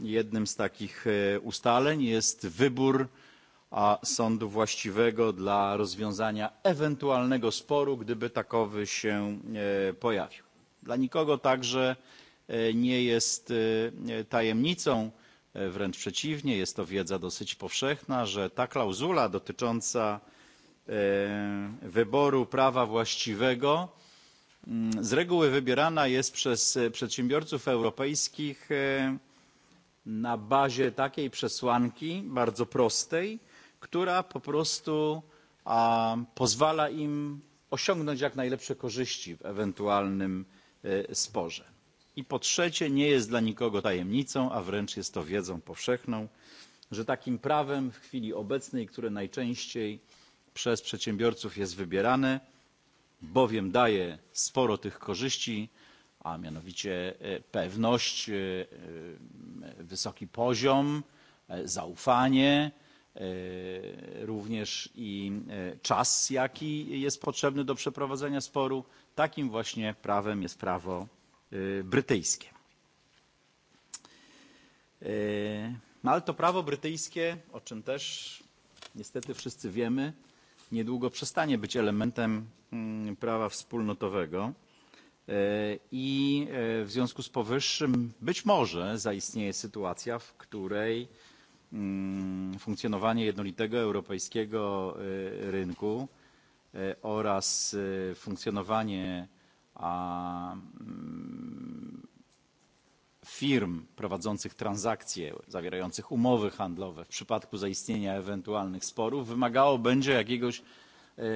G: Jednym z takich ustaleń jest wybór sądu właściwego dla rozwiązania ewentualnego sporu, gdyby takowy się pojawił. Dla nikogo także nie jest tajemnicą, wręcz przeciwnie, jest to wiedza dosyć powszechna, że ta klauzula dotycząca wyboru prawa właściwego z reguły wybierana jest przez przedsiębiorców europejskich na bazie takiej przesłanki bardzo prostej która po prostu pozwala im osiągnąć jak najlepsze korzyści w ewentualnym sporze. i po trzecie nie jest dla nikogo tajemnicą a wręcz jest to wiedzą powszechną że takim prawem w chwili obecnej które najczęściej przez przedsiębiorców jest wybierane, bowiem daje sporo tych korzyści, a mianowicie pewność, wysoki poziom, zaufanie, również i czas, jaki jest potrzebny do przeprowadzenia sporu. Takim właśnie prawem jest prawo brytyjskie. Ale to prawo brytyjskie, o czym też niestety wszyscy wiemy, niedługo przestanie być elementem prawa wspólnotowego i w związku z powyższym być może zaistnieje sytuacja, w której funkcjonowanie jednolitego europejskiego rynku oraz funkcjonowanie firm prowadzących transakcje zawierających umowy handlowe w przypadku zaistnienia ewentualnych sporów wymagało będzie jakiegoś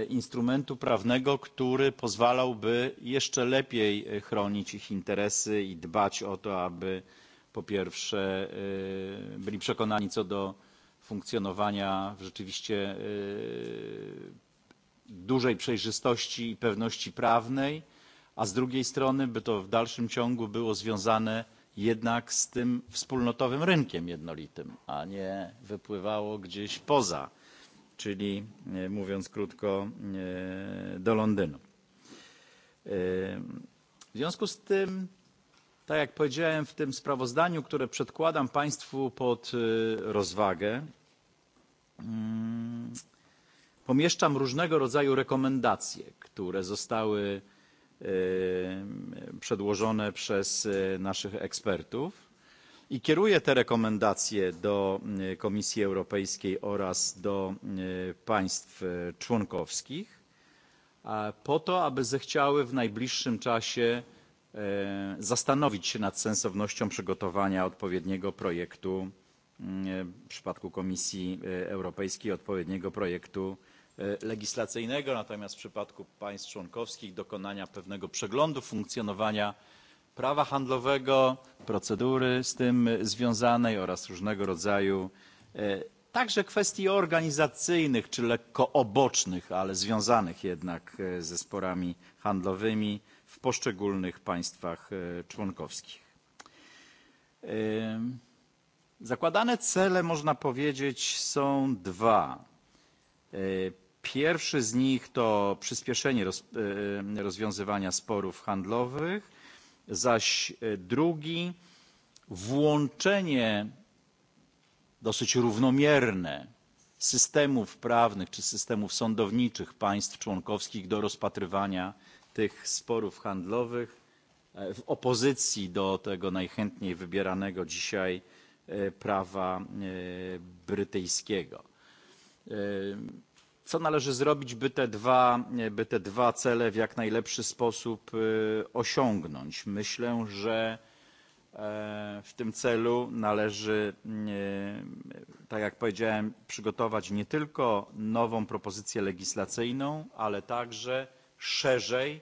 G: instrumentu prawnego który pozwalałby jeszcze lepiej chronić ich interesy i dbać o to aby po pierwsze byli przekonani co do funkcjonowania rzeczywiście dużej przejrzystości i pewności prawnej a z drugiej strony by to w dalszym ciągu było związane jednak z tym wspólnotowym rynkiem jednolitym, a nie wypływało gdzieś poza, czyli mówiąc krótko do Londynu. W związku z tym, tak jak powiedziałem w tym sprawozdaniu, które przedkładam Państwu pod rozwagę, pomieszczam różnego rodzaju rekomendacje, które zostały przedłożone przez naszych ekspertów i kieruję te rekomendacje do Komisji Europejskiej oraz do państw członkowskich po to, aby zechciały w najbliższym czasie zastanowić się nad sensownością przygotowania odpowiedniego projektu w przypadku Komisji Europejskiej odpowiedniego projektu legislacyjnego, natomiast w przypadku państw członkowskich dokonania pewnego przeglądu funkcjonowania prawa handlowego, procedury z tym związanej oraz różnego rodzaju także kwestii organizacyjnych czy lekko obocznych, ale związanych jednak ze sporami handlowymi w poszczególnych państwach członkowskich. Zakładane cele, można powiedzieć, są dwa. Pierwszy z nich to przyspieszenie rozwiązywania sporów handlowych, zaś drugi włączenie dosyć równomierne systemów prawnych czy systemów sądowniczych państw członkowskich do rozpatrywania tych sporów handlowych w opozycji do tego najchętniej wybieranego dzisiaj prawa brytyjskiego co należy zrobić, by te, dwa, by te dwa cele w jak najlepszy sposób osiągnąć. Myślę, że w tym celu należy, tak jak powiedziałem, przygotować nie tylko nową propozycję legislacyjną, ale także szerzej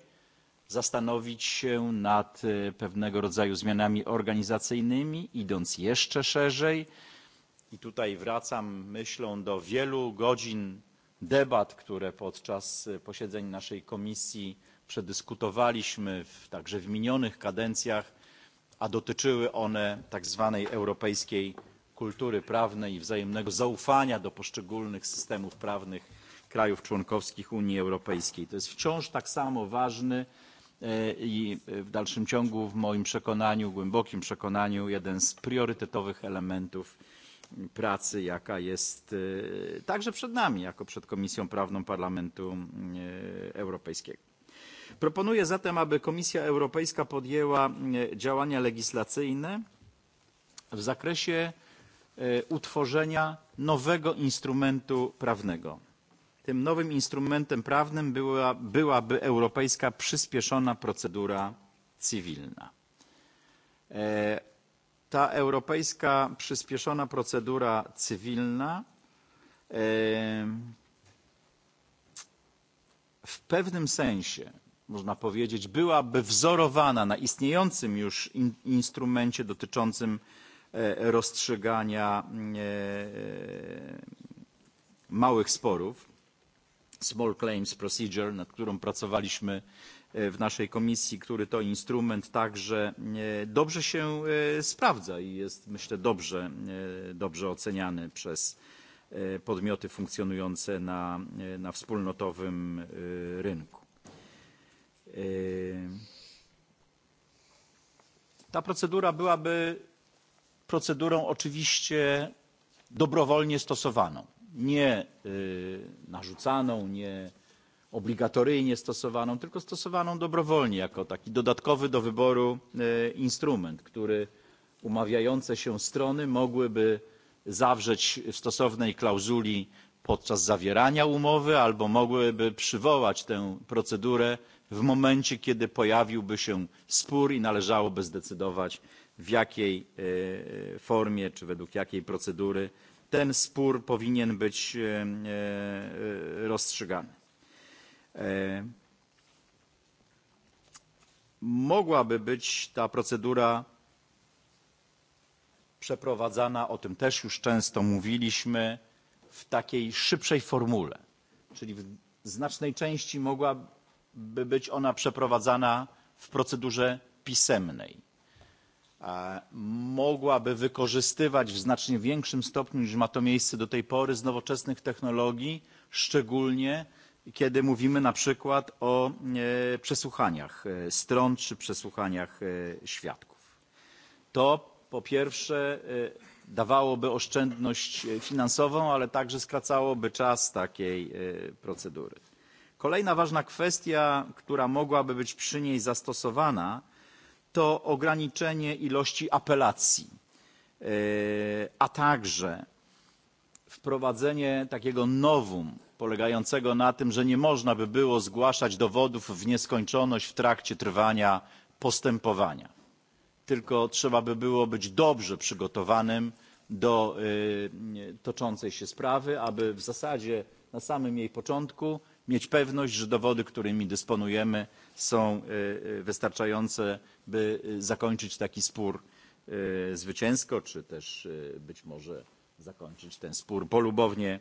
G: zastanowić się nad pewnego rodzaju zmianami organizacyjnymi, idąc jeszcze szerzej. I tutaj wracam myślą do wielu godzin debat, które podczas posiedzeń naszej komisji przedyskutowaliśmy także w minionych kadencjach, a dotyczyły one tak zwanej europejskiej kultury prawnej i wzajemnego zaufania do poszczególnych systemów prawnych krajów członkowskich Unii Europejskiej. To jest wciąż tak samo ważny i w dalszym ciągu w moim przekonaniu, głębokim przekonaniu, jeden z priorytetowych elementów pracy, jaka jest także przed nami, jako przed Komisją Prawną Parlamentu Europejskiego. Proponuję zatem, aby Komisja Europejska podjęła działania legislacyjne w zakresie utworzenia nowego instrumentu prawnego. Tym nowym instrumentem prawnym byłaby europejska przyspieszona procedura cywilna ta europejska przyspieszona procedura cywilna w pewnym sensie można powiedzieć byłaby wzorowana na istniejącym już instrumencie dotyczącym rozstrzygania małych sporów small claims procedure nad którą pracowaliśmy w naszej komisji, który to instrument także dobrze się sprawdza i jest, myślę, dobrze oceniany przez podmioty funkcjonujące na wspólnotowym rynku. Ta procedura byłaby procedurą oczywiście dobrowolnie stosowaną, nie narzucaną, nie obligatoryjnie stosowaną, tylko stosowaną dobrowolnie jako taki dodatkowy do wyboru instrument, który umawiające się strony mogłyby zawrzeć w stosownej klauzuli podczas zawierania umowy albo mogłyby przywołać tę procedurę w momencie, kiedy pojawiłby się spór i należałoby zdecydować, w jakiej formie czy według jakiej procedury ten spór powinien być rozstrzygany. Mogłaby być ta procedura przeprowadzana, o tym też już często mówiliśmy, w takiej szybszej formule, czyli w znacznej części mogłaby być ona przeprowadzana w procedurze pisemnej. Mogłaby wykorzystywać w znacznie większym stopniu niż ma to miejsce do tej pory z nowoczesnych technologii, szczególnie kiedy mówimy na przykład o przesłuchaniach stron czy przesłuchaniach świadków. To po pierwsze dawałoby oszczędność finansową, ale także skracałoby czas takiej procedury. Kolejna ważna kwestia, która mogłaby być przy niej zastosowana, to ograniczenie ilości apelacji, a także wprowadzenie takiego nowum polegającego na tym, że nie można by było zgłaszać dowodów w nieskończoność w trakcie trwania postępowania. Tylko trzeba by było być dobrze przygotowanym do toczącej się sprawy, aby w zasadzie na samym jej początku mieć pewność, że dowody, którymi dysponujemy, są wystarczające, by zakończyć taki spór zwycięsko, czy też być może zakończyć ten spór polubownie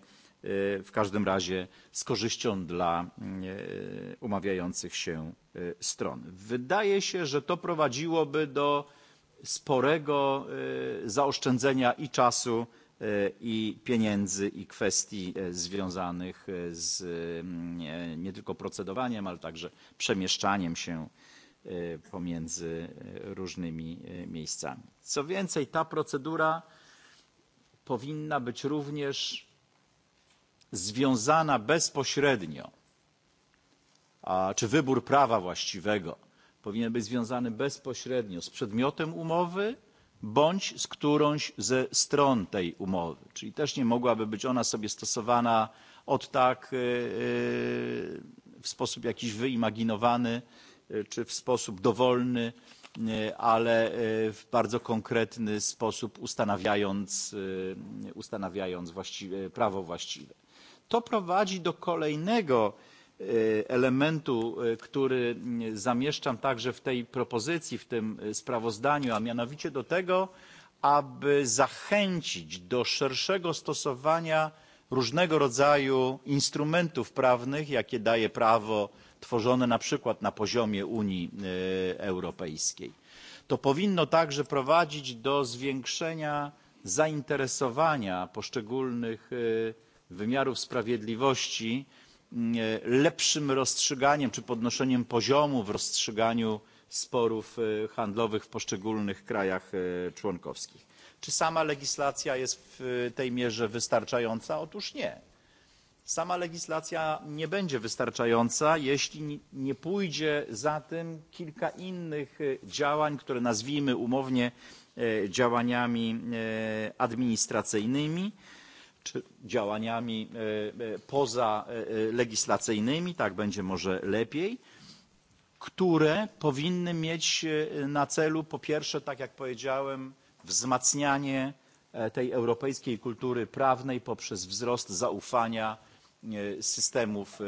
G: w każdym razie z korzyścią dla umawiających się stron. Wydaje się, że to prowadziłoby do sporego zaoszczędzenia i czasu, i pieniędzy, i kwestii związanych z nie tylko procedowaniem, ale także przemieszczaniem się pomiędzy różnymi miejscami. Co więcej, ta procedura powinna być również związana bezpośrednio, czy wybór prawa właściwego powinien być związany bezpośrednio z przedmiotem umowy bądź z którąś ze stron tej umowy. Czyli też nie mogłaby być ona sobie stosowana od tak w sposób jakiś wyimaginowany czy w sposób dowolny, ale w bardzo konkretny sposób ustanawiając prawo właściwe. To prowadzi do kolejnego elementu, który zamieszczam także w tej propozycji, w tym sprawozdaniu, a mianowicie do tego, aby zachęcić do szerszego stosowania różnego rodzaju instrumentów prawnych, jakie daje prawo tworzone na przykład na poziomie Unii Europejskiej. To powinno także prowadzić do zwiększenia zainteresowania poszczególnych wymiarów sprawiedliwości lepszym rozstrzyganiem czy podnoszeniem poziomu w rozstrzyganiu sporów handlowych w poszczególnych krajach członkowskich. Czy sama legislacja jest w tej mierze wystarczająca? Otóż nie. Sama legislacja nie będzie wystarczająca, jeśli nie pójdzie za tym kilka innych działań, które nazwijmy umownie działaniami administracyjnymi czy działaniami pozalegislacyjnymi, tak będzie może lepiej, które powinny mieć na celu, po pierwsze, tak jak powiedziałem, wzmacnianie tej europejskiej kultury prawnej poprzez wzrost zaufania systemów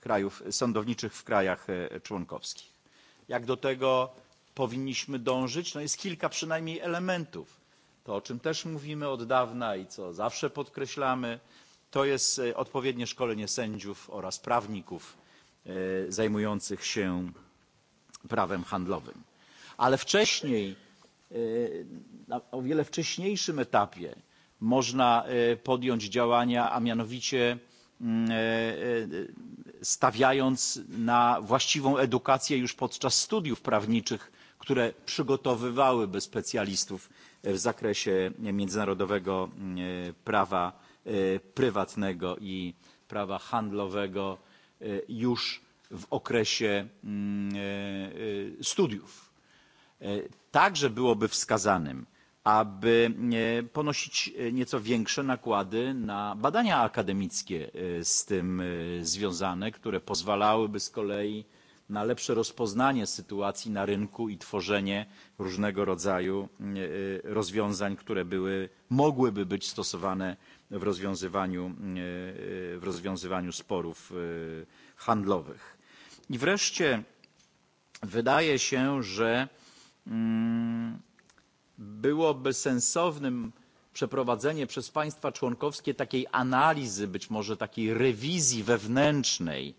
G: krajów sądowniczych w krajach członkowskich. Jak do tego powinniśmy dążyć? Jest kilka przynajmniej elementów to o czym też mówimy od dawna i co zawsze podkreślamy to jest odpowiednie szkolenie sędziów oraz prawników zajmujących się prawem handlowym. Ale wcześniej, na o wiele wcześniejszym etapie można podjąć działania, a mianowicie stawiając na właściwą edukację już podczas studiów prawniczych, które przygotowywałyby specjalistów w zakresie międzynarodowego prawa prywatnego i prawa handlowego już w okresie studiów. Także byłoby wskazanym, aby ponosić nieco większe nakłady na badania akademickie z tym związane, które pozwalałyby z kolei na lepsze rozpoznanie sytuacji na rynku i tworzenie różnego rodzaju rozwiązań, które mogłyby być stosowane w rozwiązywaniu sporów handlowych. I wreszcie wydaje się, że byłoby sensownym przeprowadzenie przez państwa członkowskie takiej analizy, być może takiej rewizji wewnętrznej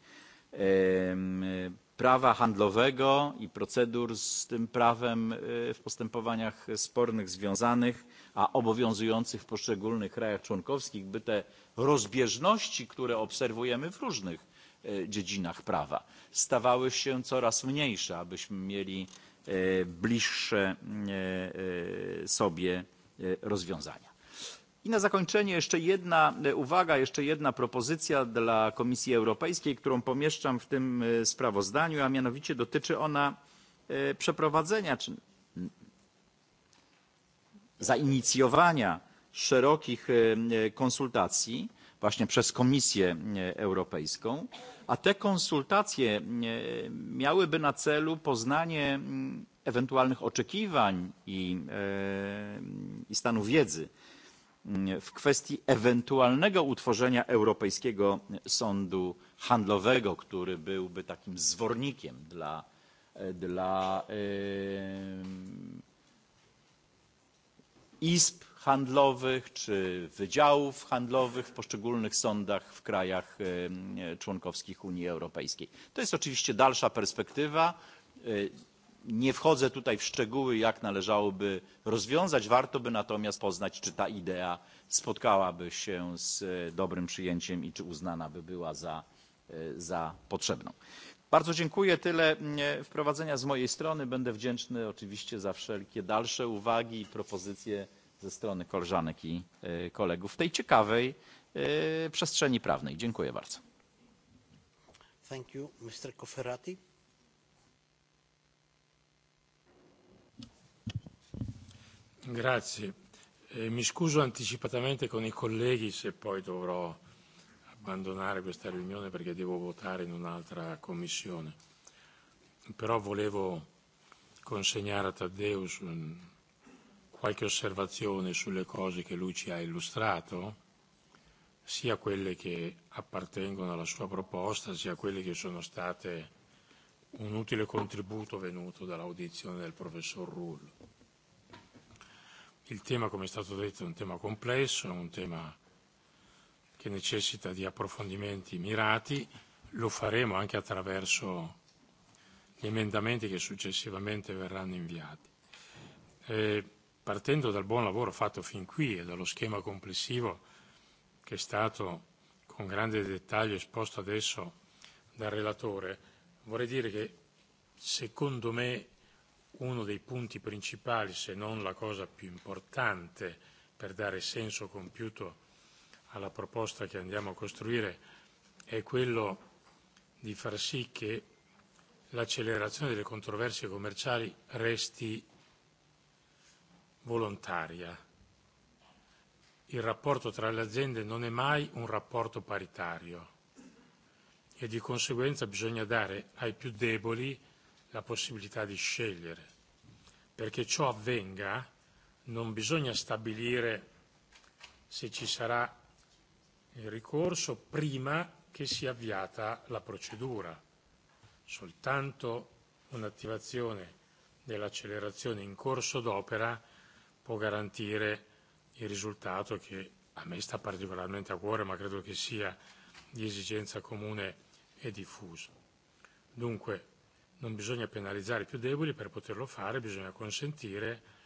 G: prawa handlowego i procedur z tym prawem w postępowaniach spornych związanych a obowiązujących w poszczególnych krajach członkowskich by te rozbieżności które obserwujemy w różnych dziedzinach prawa stawały się coraz mniejsze abyśmy mieli bliższe sobie rozwiązania. I na zakończenie jeszcze jedna uwaga, jeszcze jedna propozycja dla Komisji Europejskiej, którą pomieszczam w tym sprawozdaniu, a mianowicie dotyczy ona przeprowadzenia czy zainicjowania szerokich konsultacji właśnie przez Komisję Europejską, a te konsultacje miałyby na celu poznanie ewentualnych oczekiwań i stanu wiedzy w kwestii ewentualnego utworzenia Europejskiego Sądu Handlowego, który byłby takim zwornikiem dla izb handlowych czy wydziałów handlowych w poszczególnych sądach w krajach członkowskich Unii Europejskiej. To jest oczywiście dalsza perspektywa Nie wchodzę tutaj w szczegóły, jak należałoby rozwiązać. Warto by natomiast poznać, czy ta idea spotkałaby się z dobrym przyjęciem i czy uznana by była za potrzebną. Bardzo dziękuję. Tyle wprowadzenia z mojej strony. Będę wdzięczny oczywiście za wszelkie dalsze uwagi i propozycje ze strony koleżanek i kolegów w tej ciekawej przestrzeni prawnej. Dziękuję bardzo.
H: Grazie. Eh, mi scuso anticipatamente con i colleghi se poi dovrò abbandonare questa riunione perché devo votare in un'altra commissione. Però volevo consegnare a Taddeus qualche osservazione sulle cose che lui ci ha illustrato, sia quelle che appartengono alla sua proposta, sia quelle che sono state un utile contributo venuto dall'audizione del professor Rull Il tema, come è stato detto, è un tema complesso, è un tema che necessita di approfondimenti mirati. Lo faremo anche attraverso gli emendamenti che successivamente verranno inviati. partendo dal buon lavoro fatto fin qui e dallo schema complessivo che è stato con grande dettaglio esposto adesso dal relatore, vorrei dire che secondo me uno dei punti principali, se non la cosa più importante per dare senso compiuto alla proposta che andiamo a costruire, è quello di far sì che l'accelerazione delle controversie commerciali resti volontaria. Il rapporto tra le aziende non è mai un rapporto paritario e di conseguenza bisogna dare ai più deboli la possibilità di scegliere. Perché ciò avvenga non bisogna stabilire se ci sarà il ricorso prima che sia avviata la procedura. Soltanto un'attivazione dell'accelerazione in corso d'opera può garantire il risultato che a me sta particolarmente a cuore, ma credo che sia di esigenza comune e diffuso. Dunque, non bisogna penalizzare i più deboli, per poterlo fare bisogna consentire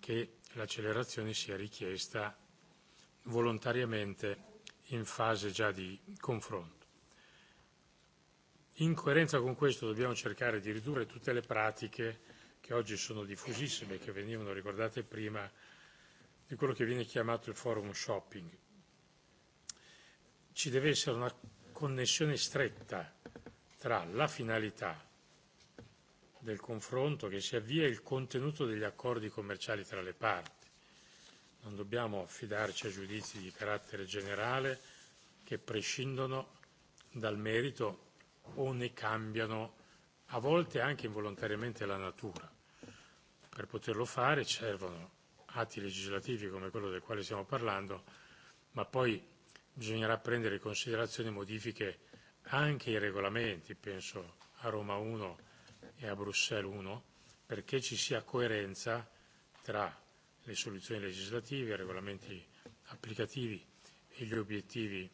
H: che l'accelerazione sia richiesta volontariamente in fase già di confronto. In coerenza con questo dobbiamo cercare di ridurre tutte le pratiche che oggi sono diffusissime e che venivano ricordate prima di quello che viene chiamato il forum shopping. Ci deve essere una connessione stretta tra la finalità del confronto che si avvia il contenuto degli accordi commerciali tra le parti. Non dobbiamo affidarci a giudizi di carattere generale che prescindono dal merito o ne cambiano a volte anche involontariamente la natura. Per poterlo fare servono atti legislativi come quello del quale stiamo parlando, ma poi bisognerà prendere in considerazione modifiche anche ai regolamenti, penso a Roma 1 e a Bruxelles 1 perché ci sia coerenza tra le soluzioni legislative, i regolamenti applicativi e gli obiettivi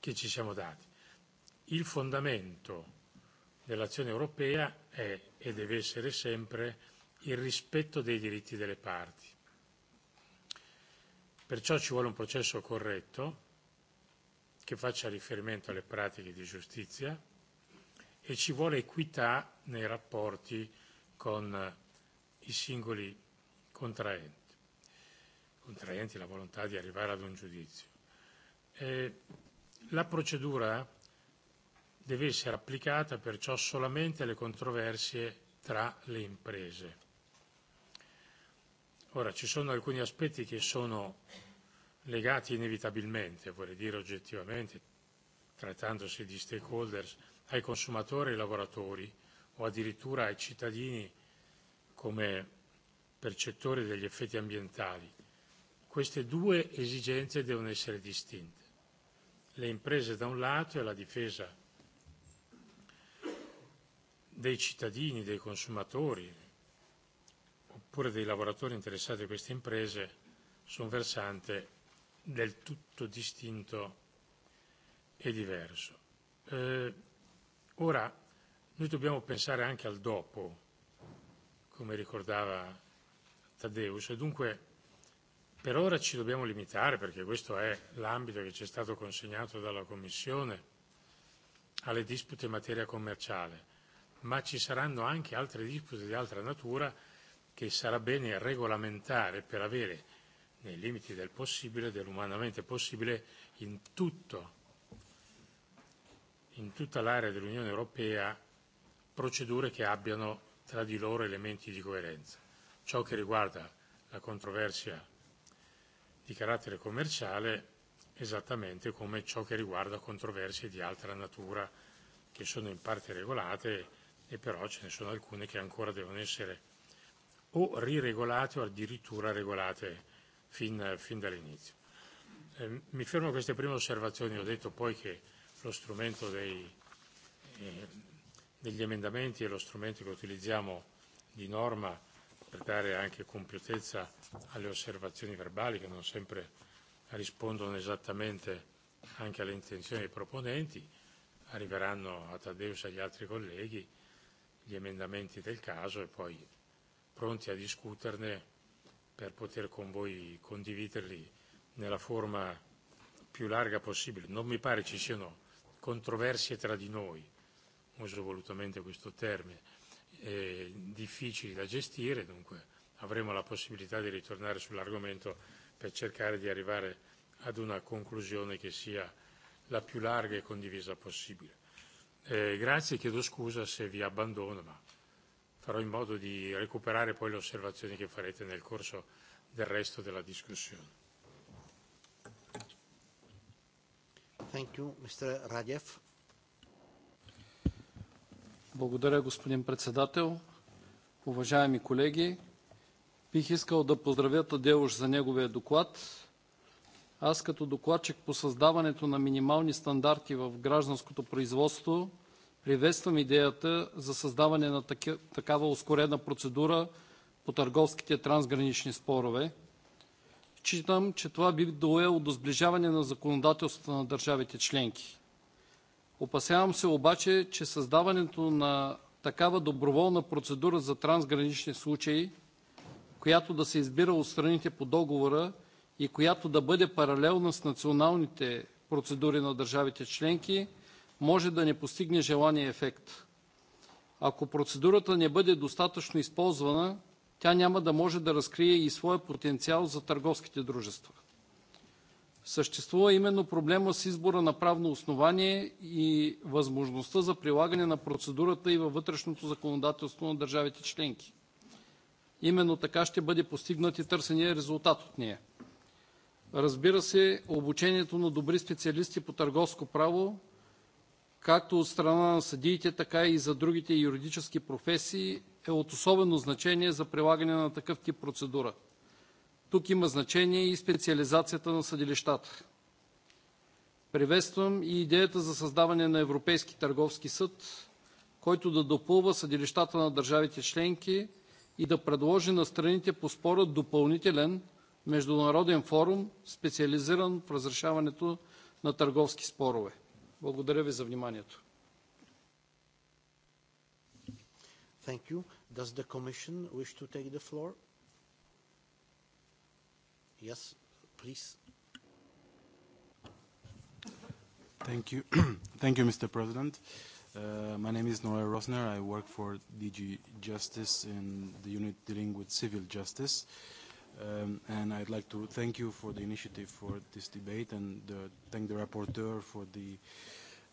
H: che ci siamo dati. Il fondamento dell'azione europea è e deve essere sempre il rispetto dei diritti delle parti. Perciò ci vuole un processo corretto che faccia riferimento alle pratiche di giustizia e ci vuole equità nei rapporti con i singoli contraenti, contraenti la volontà di arrivare ad un giudizio. La procedura deve essere applicata perciò solamente alle controversie tra le imprese. Ora, ci sono alcuni aspetti che sono legati inevitabilmente, vorrei dire oggettivamente, trattandosi di stakeholders, ai consumatori e ai lavoratori o addirittura ai cittadini come percettori degli effetti ambientali, queste due esigenze devono essere distinte. Le imprese da un lato e la difesa dei cittadini, dei consumatori, oppure dei lavoratori interessati a queste imprese, su un versante del tutto distinto e diverso. Ora, noi dobbiamo pensare anche al dopo, come ricordava Taddeus, e dunque per ora ci dobbiamo limitare, perché questo è l'ambito che ci è stato consegnato dalla Commissione, alle dispute in materia commerciale, ma ci saranno anche altre dispute di altra natura che sarà bene regolamentare per avere, nei limiti del possibile, dell'umanamente possibile, in tutto in tutta l'area dell'Unione Europea procedure che abbiano tra di loro elementi di coerenza. Ciò che riguarda la controversia di carattere commerciale esattamente come ciò che riguarda controversie di altra natura che sono in parte regolate e però ce ne sono alcune che ancora devono essere o riregolate o addirittura regolate fin, fin dall'inizio. mi fermo a queste prime osservazioni, ho detto poi che lo strumento dei, degli emendamenti è lo strumento che utilizziamo di norma per dare anche compiutezza alle osservazioni verbali che non sempre rispondono esattamente anche alle intenzioni dei proponenti, arriveranno a Taddeus e agli altri colleghi gli emendamenti del caso e poi pronti a discuterne per poter con voi condividerli nella forma più larga possibile. Non mi pare ci siano controversie tra di noi, uso volutamente questo termine, eh, difficili da gestire, dunque avremo la possibilità di ritornare sull'argomento per cercare di arrivare ad una conclusione che sia la più larga e condivisa possibile. grazie chiedo scusa se vi abbandono, ma farò in modo di recuperare poi le osservazioni che farete nel corso del resto della discussione.
A: Thank you. Mr.
I: Благодаря, господин председател. Уважаеми колеги, бих искал да поздравя Тадеуш за неговия доклад. Аз като докладчик по създаването на минимални стандарти в гражданското производство приветствам идеята за създаване на такава ускорена процедура по търговските трансгранични спорове. Считам, че това би довело до сближаване на законодателствата на държавите членки. Опасявам се обаче, че създаването на такава доброволна процедура за трансгранични случаи, която да се избира от страните по договора и която да бъде паралелна с националните процедури на държавите членки, може да не постигне желания ефект. Ако процедурата не бъде достатъчно използвана, тя няма да може да разкрие и своя потенциал за търговските дружества. Съществува именно проблема с избора на правно основание и възможността за прилагане на процедурата и във вътрешното законодателство на държавите членки. Именно така ще бъде постигнат и търсения резултат от нея. Разбира се, обучението на добри специалисти по търговско право както от страна на съдиите, така и за другите юридически професии, е от особено значение за прилагане на такъв тип процедура. Тук има значение и специализацията на съдилищата. Приветствам и идеята за създаване на Европейски търговски съд, който да допълва съдилищата на държавите членки и да предложи на страните по спора допълнителен международен форум, специализиран в разрешаването на търговски спорове. Благодаря ви за вниманието.
A: Thank you. Does the Commission wish to take the floor? Yes, please.
J: Thank you. Thank you, Mr. President. My name is Noel Rosner. I work for DG Justice in the unit dealing with civil justice and I'd like to thank you for the initiative for this debate and thank the rapporteur for the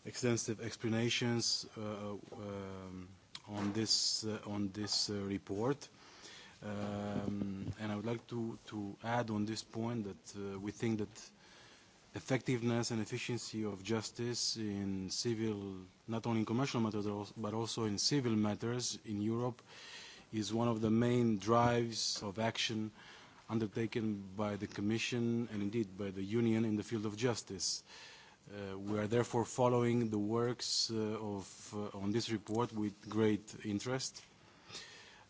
J: extensive explanations on this on this report. And I would like to to add on this point that we think that effectiveness and efficiency of justice in civil, not only in commercial matters but also in civil matters in Europe, is one of the main drives of action undertaken by the Commission and indeed by the Union in the field of justice. We are therefore following the works on this report with great interest.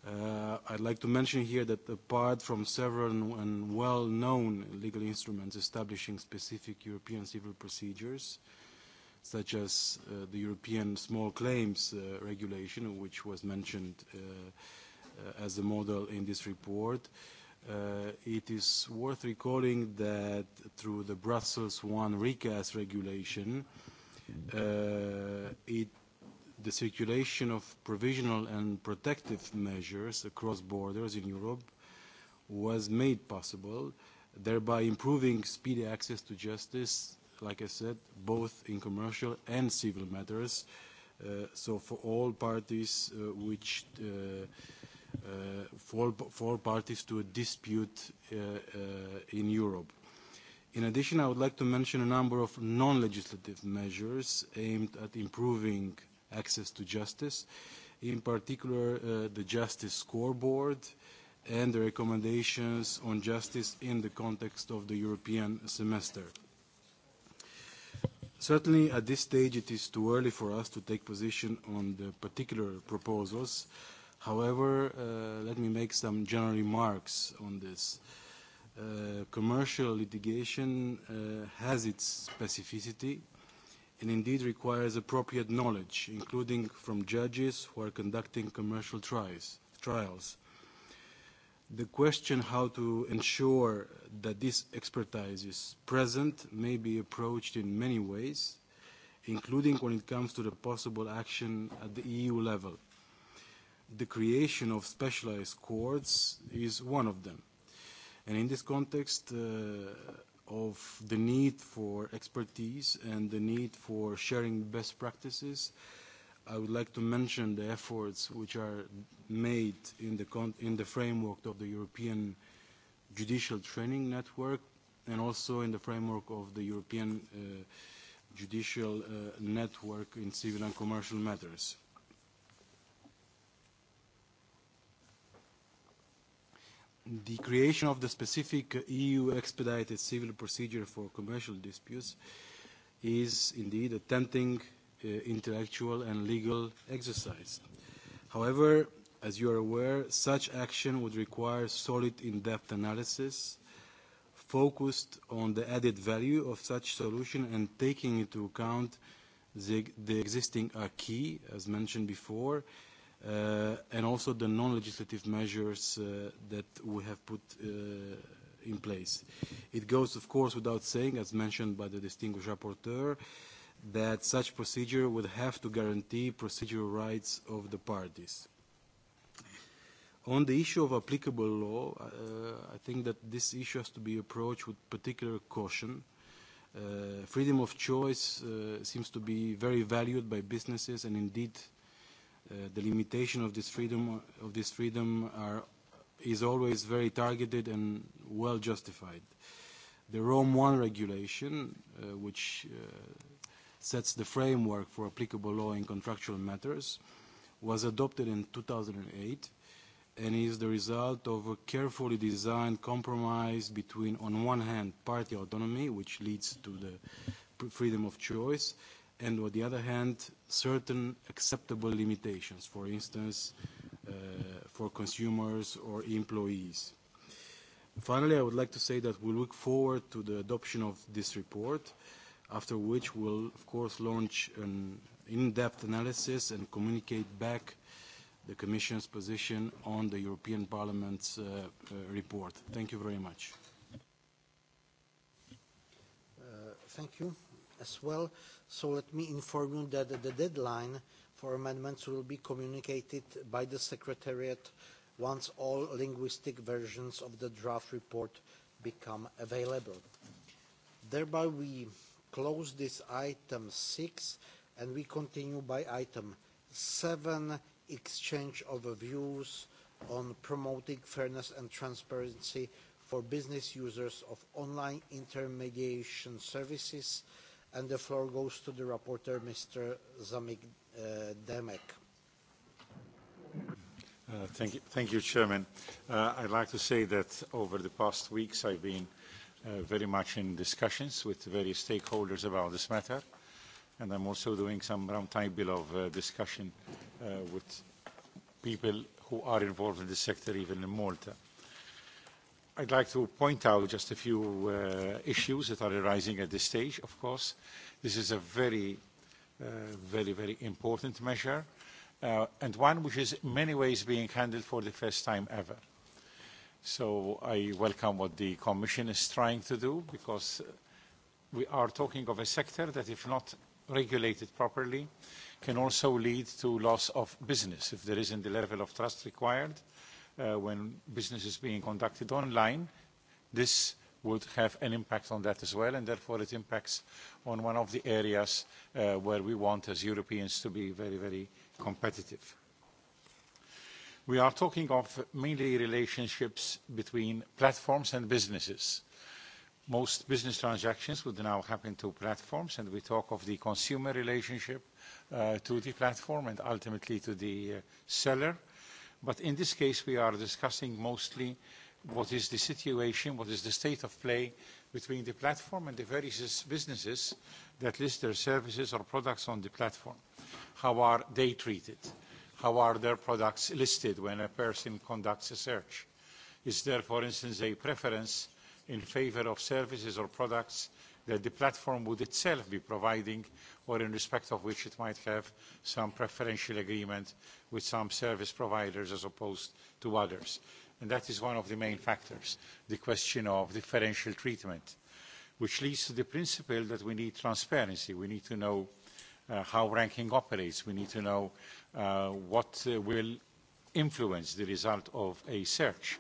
J: I'd like to mention here that apart from several and well-known legal instruments establishing specific European civil procedures, such as the European Small Claims Regulation, which was mentioned as a model in this report, it is worth recalling that through the Brussels 1 recast regulation, it the circulation of provisional and protective measures across borders in Europe was made possible, thereby improving speedy access to justice, like I said, both in commercial and civil matters, so for all parties which four parties to a dispute in Europe. In addition, I would like to mention a number of non-legislative measures aimed at improving access to justice, in particular the Justice Scoreboard and the recommendations on justice in the context of the European semester. Certainly, at this stage, it is too early for us to take position on the particular proposals. However, let me make some general remarks on this. Commercial litigation has its specificity and indeed requires appropriate knowledge, including from judges who are conducting commercial trials. The question how to ensure that this expertise is present may be approached in many ways, including when it comes to the possible action at the EU level the creation of specialized courts is one of them. And in this context of the need for expertise and the need for sharing best practices, I would like to mention the efforts which are made in the in the framework of the European Judicial Training Network and also in the framework of the European Judicial Network in Civil and Commercial Matters. the creation of the specific EU expedited civil procedure for commercial disputes is indeed a tempting intellectual and legal exercise. However, as you are aware, such action would require solid in-depth analysis focused on the added value of such solution and taking into account the existing acquis, as mentioned before, and also the non-legislative measures that we have put in place. It goes, of course, without saying, as mentioned by the distinguished rapporteur, that such procedure would have to guarantee procedural rights of the parties. On the issue of applicable law, I think that this issue has to be approached with particular caution. Freedom of choice seems to be very valued by businesses and indeed the limitation of this freedom of this freedom are is always very targeted and well justified. The Rome I regulation, which sets the framework for applicable law in contractual matters, was adopted in 2008 and is the result of a carefully designed compromise between, on one hand, party autonomy, which leads to the freedom of choice, and on the other hand, certain acceptable limitations, for instance, for consumers or employees. Finally, I would like to say that we look forward to the adoption of this report, after which we'll, of course, launch an in-depth analysis and communicate back the Commission's position on the European Parliament's report. Thank you very much.
A: Thank you as well. So let me inform you that the deadline for amendments will be communicated by the Secretariat once all linguistic versions of the draft report become available. Thereby we close this item 6 and we continue by item 7, exchange of views on promoting fairness and transparency for business users of online intermediation services and the floor goes to the rapporteur, Mr. Zamik Demek.
F: Thank you, Chairman. I'd like to say that over the past weeks I've been very much in discussions with various stakeholders about this matter, and I'm also doing some round table of discussion with people who are involved in the sector, even in Malta. I'd like to point out just a few issues that are arising at this stage, of course. This is a very, very, very important measure, and one which is in many ways being handled for the first time ever. So I welcome what the Commission is trying to do, because we are talking of a sector that, if not regulated properly, can also lead to loss of business if there isn't the level of trust required when business is being conducted online, this would have an impact on that as well, and therefore it impacts on one of the areas where we want as Europeans to be very, very competitive. We are talking of mainly relationships between platforms and businesses. Most business transactions would now happen to platforms, and we talk of the consumer relationship to the platform and ultimately to the seller. But in this case, we are discussing mostly what is the situation, what is the state of play between the platform and the various businesses that list their services or products on the platform. How are they treated? How are their products listed when a person conducts a search? Is there, for instance, a preference in favour of services or products that the platform would itself be providing or in respect of which it might have some preferential agreement with some service providers as opposed to others. And that is one of the main factors, the question of differential treatment, which leads to the principle that we need transparency. We need to know how ranking operates. We need to know what will influence the result of a search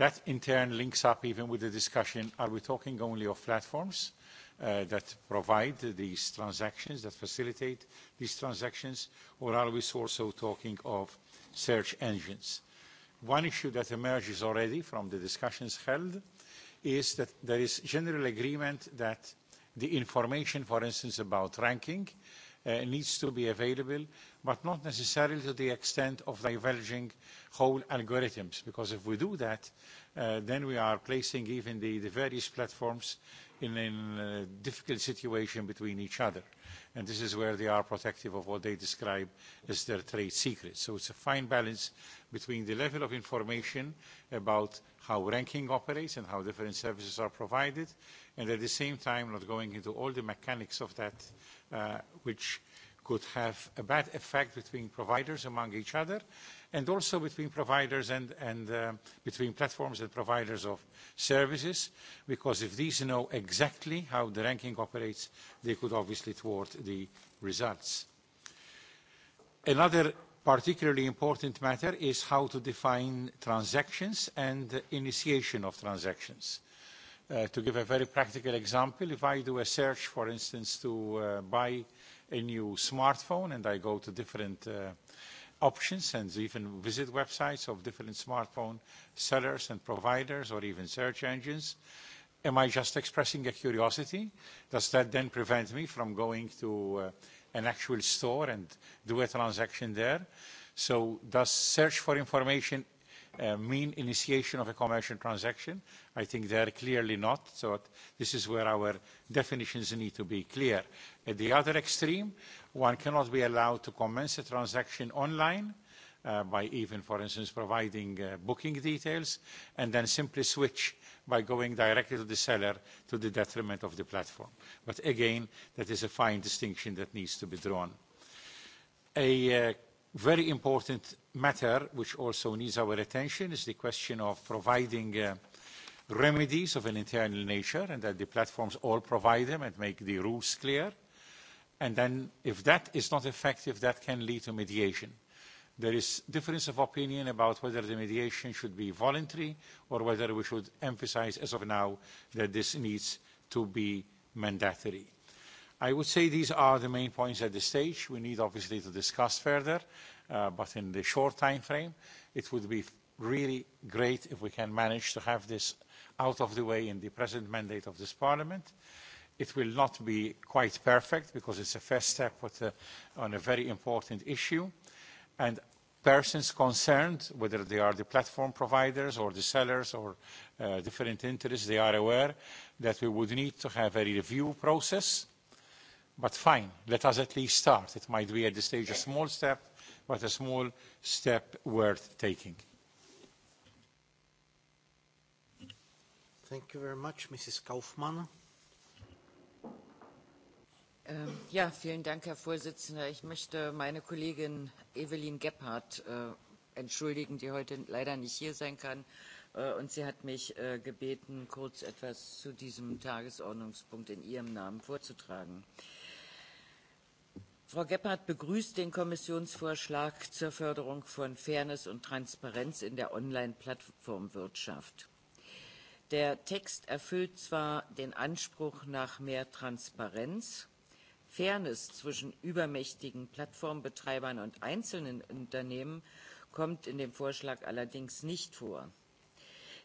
F: That in turn links up even with the discussion, are we talking only of platforms that provide these transactions, that facilitate these transactions, or are we also talking of search engines? One issue that emerges already from the discussions held is that there is general agreement that the information, for instance, about ranking needs to be available but not necessarily to the extent of diverging whole algorithms, because if we do that, then we are placing even the various platforms in a difficult situation between each other. And this is where they are protective of what they describe as their trade secrets. So it's a fine balance between the level of information about how ranking operates and how different services are provided, and at the same time not going into all the mechanics of that, which could have a bad effect between providers among each other and also between providers and, and uh, between platforms and providers of services because if these know exactly how the ranking operates, they could obviously thwart the results. Another particularly important matter is how to define transactions and initiation of transactions. to give a very practical example, if I do a search, for instance, to buy a new smartphone and I go to different options and even visit websites of different smartphone sellers and providers or even search engines. Am I just expressing a curiosity? Does that then prevent me from going to an actual store and do a transaction there? So does search for information mean initiation of a commercial transaction? I think they are clearly not. So this is where our definitions need to be clear. At the other extreme, one cannot be allowed to commence a transaction online by even, for instance, providing booking details and then simply switch by going directly to the seller to the detriment of the platform. But again, that is a fine distinction that needs to be drawn. A very important matter which also needs our attention is the question of providing remedies of an internal nature and that the platforms all provide them and make the rules clear. And then if that is not effective, that can lead to mediation. There is difference of opinion about whether the mediation should be voluntary or whether we should emphasize as of now that this needs to be mandatory. I would say these are the main points at this stage. We need obviously to discuss further, but in the short time frame, it would be really great if we can manage to have this out of the way in the present mandate of this Parliament. It will not be quite perfect because it's a first step on a very important issue, and persons concerned, whether they are the platform providers or the sellers or different interests, they are aware that we would need to have a review process But fine, let us at least start. It might be at this stage a small step, but a small step worth taking.
A: Thank you very much, Mrs. Kaufmann.
K: Ja, vielen Dank, Herr Vorsitzender. Ich möchte meine Kollegin Evelyn Gebhardt entschuldigen, die heute leider nicht hier sein kann. Und sie hat mich gebeten, kurz etwas zu diesem Tagesordnungspunkt in ihrem Namen vorzutragen. Frau Gebhardt begrüßt den Kommissionsvorschlag zur Förderung von Fairness und Transparenz in der Online-Plattformwirtschaft. Der Text erfüllt zwar den Anspruch nach mehr Transparenz, Fairness zwischen übermächtigen Plattformbetreibern und einzelnen Unternehmen kommt in dem Vorschlag allerdings nicht vor.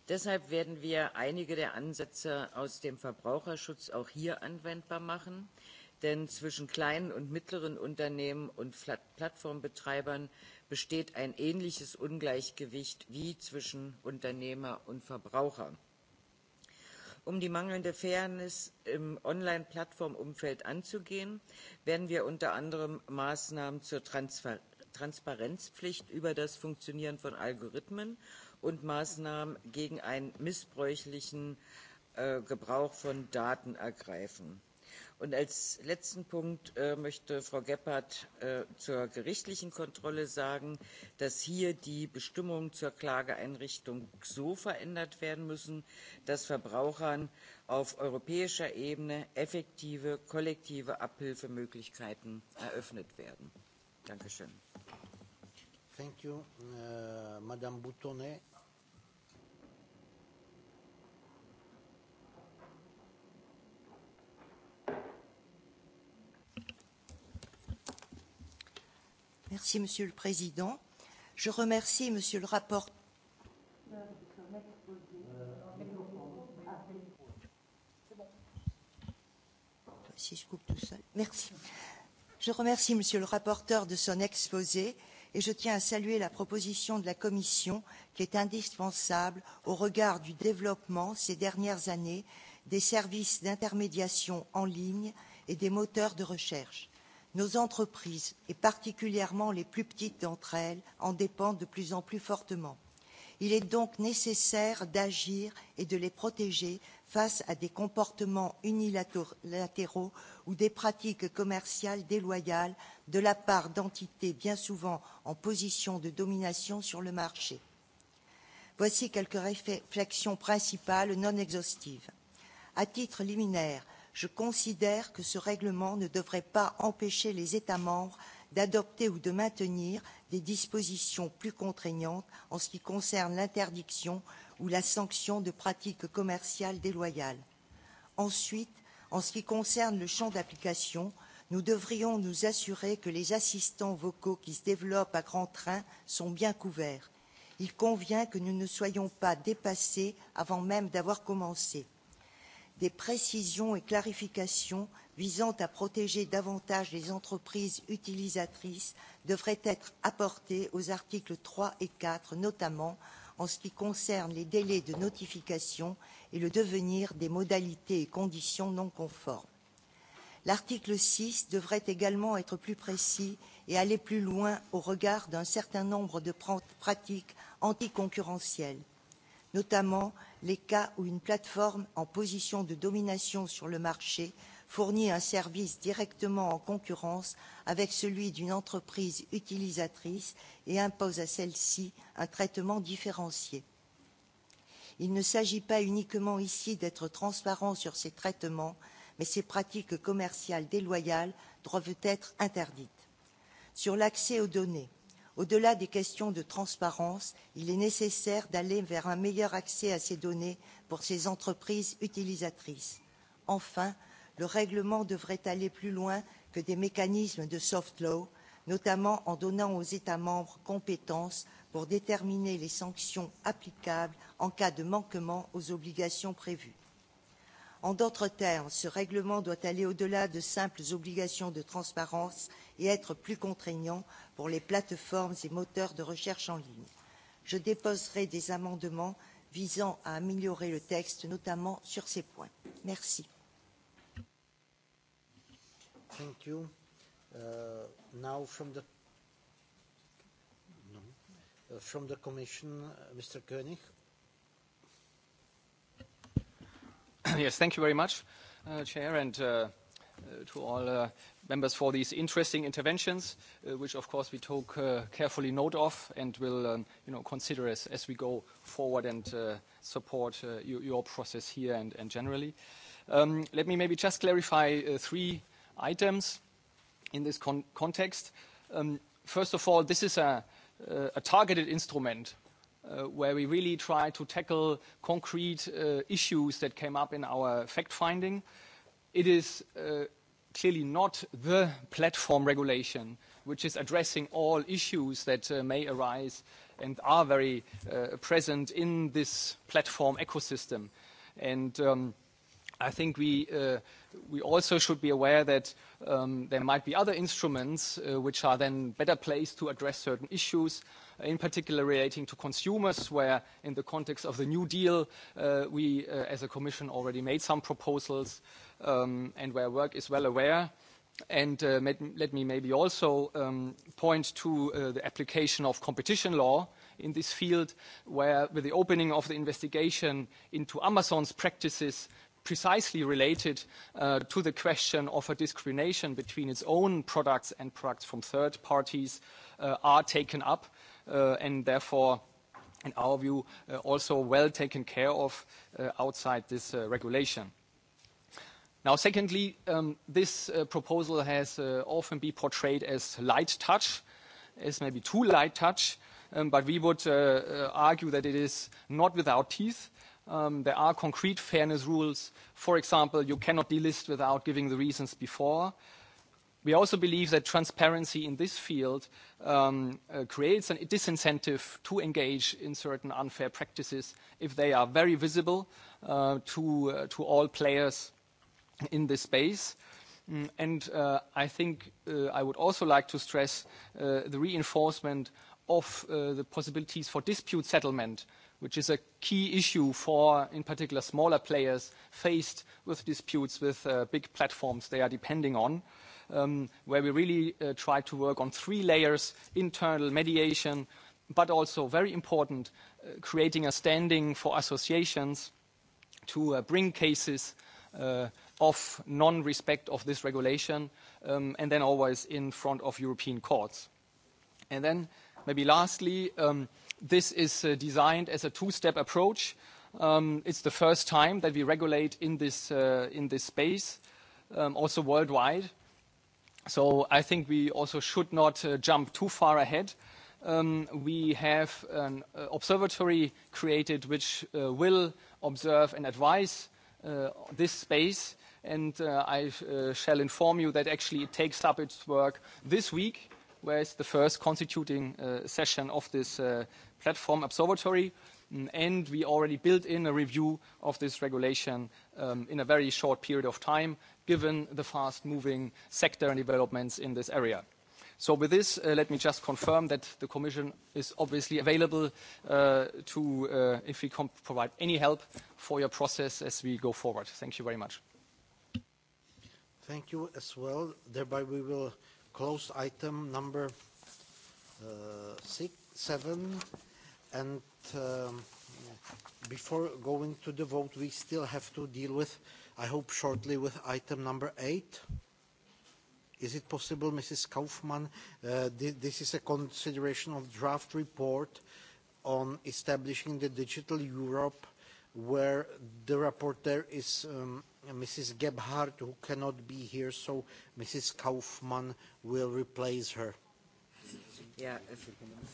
K: Deshalb werden wir einige der Ansätze aus dem Verbraucherschutz auch hier anwendbar machen denn zwischen kleinen und mittleren Unternehmen und Plattformbetreibern besteht ein ähnliches Ungleichgewicht wie zwischen Unternehmer und Verbraucher. Um die mangelnde Fairness im Online-Plattformumfeld anzugehen, werden wir unter anderem Maßnahmen zur Transparenzpflicht über das Funktionieren von Algorithmen und Maßnahmen gegen einen missbräuchlichen Gebrauch von Daten ergreifen. Und als letzten Punkt möchte Frau Gebhardt zur gerichtlichen Kontrolle sagen, dass hier die Bestimmungen zur Klageeinrichtung so verändert werden müssen, dass Verbrauchern auf europäischer Ebene effektive kollektive Abhilfemöglichkeiten eröffnet werden. Dankeschön.
A: Thank you, Madame Boutonnet.
L: Merci, Monsieur le Président. Je remercie Monsieur le rapporteur. Si je coupe tout seul. Merci. Je remercie Monsieur le rapporteur de son exposé et je tiens à saluer la proposition de la Commission qui est indispensable au regard du développement ces dernières années des services d'intermédiation en ligne et des moteurs de recherche. Nos entreprises, et particulièrement les plus petites d'entre elles, en dépendent de plus en plus fortement. Il est donc nécessaire d'agir et de les protéger face à des comportements unilatéraux ou des pratiques commerciales déloyales de la part d'entités bien souvent en position de domination sur le marché. Voici quelques réflexions principales non exhaustives. À titre liminaire, je considère que ce règlement ne devrait pas empêcher les États membres d'adopter ou de maintenir des dispositions plus contraignantes en ce qui concerne l'interdiction ou la sanction de pratiques commerciales déloyales. Ensuite, en ce qui concerne le champ d'application, nous devrions nous assurer que les assistants vocaux qui se développent à grand train sont bien couverts. Il convient que nous ne soyons pas dépassés avant même d'avoir commencé des précisions et clarifications visant à protéger davantage les entreprises utilisatrices devraient être apportées aux articles 3 et 4, notamment en ce qui concerne les délais de notification et le devenir des modalités et conditions non conformes. L'article 6 devrait également être plus précis et aller plus loin au regard d'un certain nombre de pratiques anticoncurrentielles notamment les cas où une plateforme en position de domination sur le marché fournit un service directement en concurrence avec celui d'une entreprise utilisatrice et impose à celle-ci un traitement différencié. Il ne s'agit pas uniquement ici d'être transparent sur ces traitements, mais ces pratiques commerciales déloyales doivent être interdites. Sur l'accès aux données, Au-delà des questions de transparence, il est nécessaire d'aller vers un meilleur accès à ces données pour ces entreprises utilisatrices. Enfin, le règlement devrait aller plus loin que des mécanismes de soft law, notamment en donnant aux États membres compétences pour déterminer les sanctions applicables en cas de manquement aux obligations prévues. En d'autres termes, ce règlement doit aller au-delà de simples obligations de transparence et être plus contraignant pour les plateformes et moteurs de recherche en ligne. Je déposerai des amendements visant à améliorer le texte, notamment sur ces points. Merci.
M: Yes, thank you very much, Chair, and to all members for these interesting interventions, which of course we took carefully note of and will, you know, consider as as we go forward and support your process here and and generally. Let me maybe just clarify three items in this context. First of all, this is a targeted instrument where we really try to tackle concrete issues that came up in our fact-finding. It is clearly not the platform regulation which is addressing all issues that may arise and are very present in this platform ecosystem. I think we we also should be aware that there might be other instruments which are then better placed to address certain issues, in particular relating to consumers, where in the context of the New Deal, we as a Commission already made some proposals and where work is well aware. And let me maybe also point to the application of competition law in this field, where with the opening of the investigation into Amazon's practices, precisely related to the question of a discrimination between its own products and products from third parties are taken up and therefore in our view also well taken care of outside this regulation. Now secondly this proposal has often been portrayed as light touch as maybe too light touch but we would argue that it is not without teeth There are concrete fairness rules. For example, you cannot delist without giving the reasons before. We also believe that transparency in this field creates a disincentive to engage in certain unfair practices if they are very visible to all players in this space. And I think I would also like to stress the reinforcement of the possibilities for dispute settlement which is a key issue for, in particular, smaller players faced with disputes with big platforms they are depending on, where we really try to work on three layers, internal mediation, but also, very important, creating a standing for associations to bring cases of non-respect of this regulation, and then always in front of European courts. And then Maybe lastly, this is designed as a two-step approach. It's the first time that we regulate in this space, also worldwide. So I think we also should not jump too far ahead. We have an observatory created which will observe and advise this space, and I shall inform you that actually it takes up its work this week where is the first constituting session of this platform observatory, and we already built in a review of this regulation in a very short period of time, given the fast-moving sector and developments in this area. So with this, let me just confirm that the Commission is obviously available to, if we can provide any help for your process as we go forward. Thank you very much.
A: Thank you as well. Thereby we will closed item number six, seven, and before going to the vote, we still have to deal with, I hope shortly, with item number eight. Is it possible, Mrs. Kaufmann? This is a consideration of draft report on establishing the digital Europe, where the rapporteur is Mrs. Gebhardt, who cannot be here, so Mrs. Kaufmann will replace her.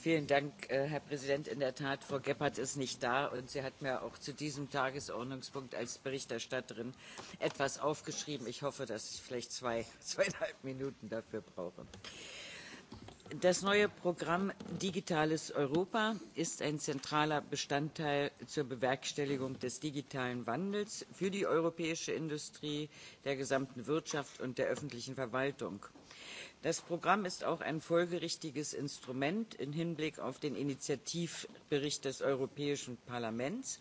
K: vielen Dank, Herr Präsident. In der Tat, Frau Gebhardt ist nicht da und sie hat mir auch zu diesem Tagesordnungspunkt als Berichterstatterin etwas aufgeschrieben. Ich hoffe, dass ich vielleicht zweieinhalb Minuten dafür brauche das neue programm digitales europa ist ein zentraler bestandteil zur bewerkstelligung des digitalen wandels für die europäische industrie der gesamten wirtschaft und der öffentlichen verwaltung. das programm ist auch ein folgerichtiges instrument im hinblick auf den initiativbericht des europäischen parlaments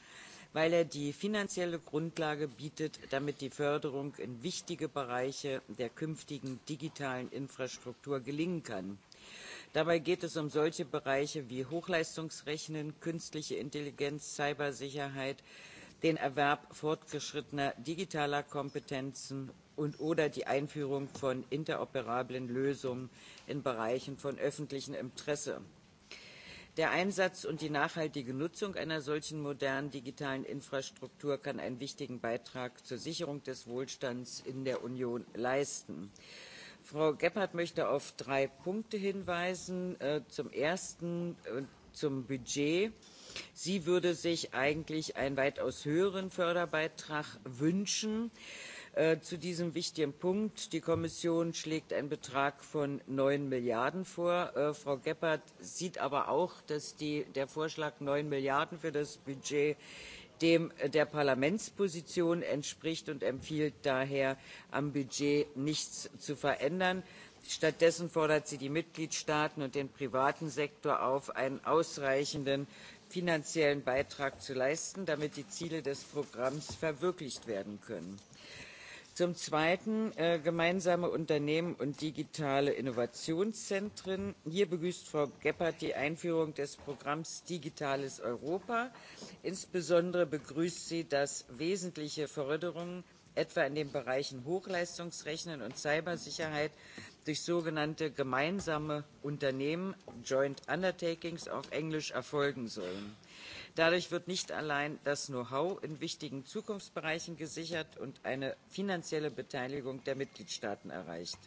K: weil er die finanzielle grundlage bietet damit die förderung in wichtige bereiche der künftigen digitalen infrastruktur gelingen kann. Dabei geht es um solche Bereiche wie Hochleistungsrechnen, künstliche Intelligenz, Cybersicherheit, den Erwerb fortgeschrittener digitaler Kompetenzen und oder die Einführung von interoperablen Lösungen in Bereichen von öffentlichem Interesse. Der Einsatz und die nachhaltige Nutzung einer solchen modernen digitalen Infrastruktur kann einen wichtigen Beitrag zur Sicherung des Wohlstands in der Union leisten. Frau Gebhardt möchte auf drei Punkte hinweisen. Zum ersten zum Budget. Sie würde sich eigentlich einen weitaus höheren Förderbeitrag wünschen zu diesem wichtigen Punkt. Die Kommission schlägt einen Betrag von 9 Milliarden vor. Frau Gebhardt sieht aber auch, dass der Vorschlag 9 Milliarden für das Budget dem der Parlamentsposition entspricht und empfiehlt daher, am Budget nichts zu verändern. Stattdessen fordert sie die Mitgliedstaaten und den privaten Sektor auf, einen ausreichenden finanziellen Beitrag zu leisten, damit die Ziele des Programms verwirklicht werden können. Zum Zweiten gemeinsame Unternehmen und digitale Innovationszentren. Hier begrüßt Frau Gebhardt die Einführung des Programms Digitales Europa. Insbesondere begrüßt sie, dass wesentliche Förderungen etwa in den Bereichen Hochleistungsrechnen und Cybersicherheit durch sogenannte gemeinsame Unternehmen, Joint Undertakings auf Englisch, erfolgen sollen. Dadurch wird nicht allein das Know-how in wichtigen Zukunftsbereichen gesichert und eine finanzielle Beteiligung der Mitgliedstaaten erreicht.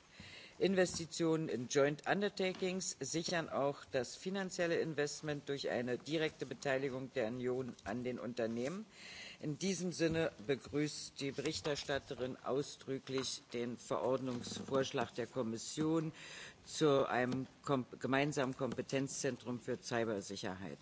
K: Investitionen in Joint Undertakings sichern auch das finanzielle Investment durch eine direkte Beteiligung der Union an den Unternehmen. In diesem Sinne begrüßt die Berichterstatterin ausdrücklich den Verordnungsvorschlag der Kommission zu einem gemeinsamen Kompetenzzentrum für Cybersicherheit.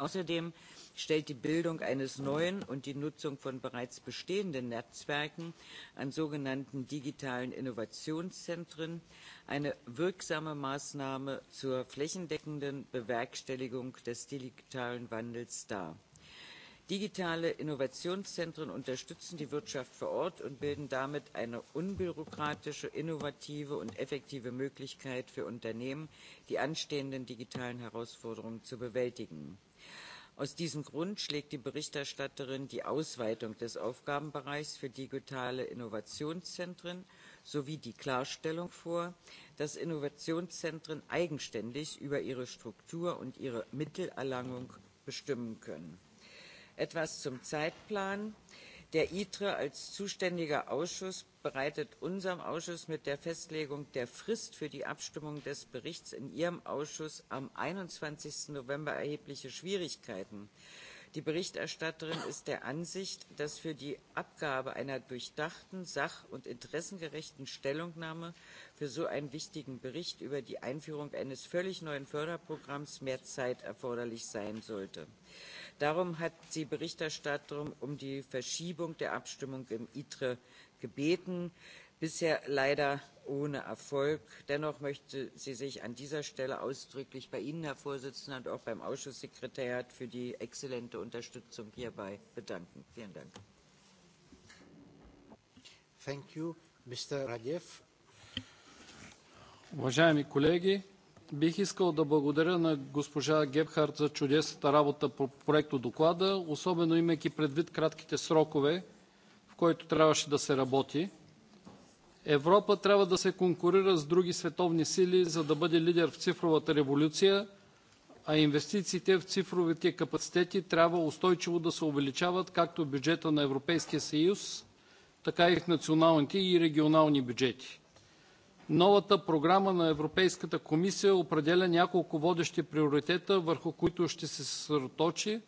K: Außerdem stellt die Bildung eines neuen und die Nutzung von bereits bestehenden Netzwerken an sogenannten digitalen Innovationszentren eine wirksame Maßnahme zur flächendeckenden Bewerkstelligung des digitalen Wandels dar. Digitale Innovationszentren unterstützen die Wirtschaft vor Ort und bilden damit eine unbürokratische, innovative und effektive Möglichkeit für Unternehmen, die anstehenden digitalen Herausforderungen zu bewältigen. Aus diesem Grund schlägt die Berichterstatterin die Ausweitung des Aufgabenbereichs für digitale Innovationszentren sowie die Klarstellung vor, dass Innovationszentren eigenständig über ihre Struktur und ihre Mittelerlangung bestimmen können. Etwas zum Zeitplan. Der ITRE als zuständiger Ausschuss bereitet unserem Ausschuss mit der Festlegung der Frist für die Abstimmung des Berichts in Ihrem Ausschuss am 21. November erhebliche Schwierigkeiten. Die Berichterstatterin ist der Ansicht, dass für die Abgabe einer durchdachten, sach- und interessengerechten Stellungnahme für so einen wichtigen Bericht über die Einführung eines völlig neuen Förderprogramms mehr Zeit erforderlich sein sollte. Darum hat die Berichterstatterin um die Verschiebung der Abstimmung im ITRE gebeten, bisher leider ohne Erfolg. Dennoch möchte sie sich an dieser Stelle ausdrücklich bei Ihnen, Herr Vorsitzender, und auch beim Ausschusssekretariat für die exzellente Unterstützung hierbei bedanken. Vielen Dank.
I: Thank Бих искал да благодаря на госпожа Гебхард за чудесната работа по проекто доклада, особено имайки предвид кратките срокове, в които трябваше да се работи. Европа трябва да се конкурира с други световни сили, за да бъде лидер в цифровата революция, а инвестициите в цифровите капацитети трябва устойчиво да се увеличават както в бюджета на Европейския съюз, така и в националните и регионални бюджети. Новата програма на Европейската комисия определя няколко водещи приоритета, върху които ще се съсредоточи.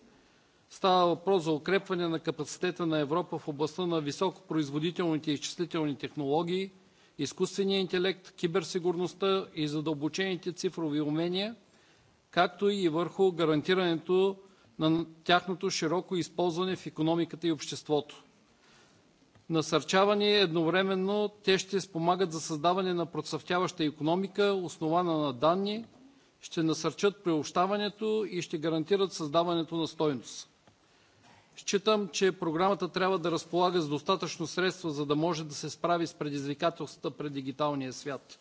I: Става въпрос за укрепване на капацитета на Европа в областта на високопроизводителните изчислителни технологии, изкуствения интелект, киберсигурността и задълбочените цифрови умения, както и върху гарантирането на тяхното широко използване в икономиката и обществото насърчаване едновременно те ще спомагат за създаване на процъфтяваща економика, основана на данни, ще насърчат приобщаването и ще гарантират създаването на стойност. Считам, че програмата трябва да разполага с достатъчно средства, за да може да се справи с предизвикателствата пред дигиталния свят.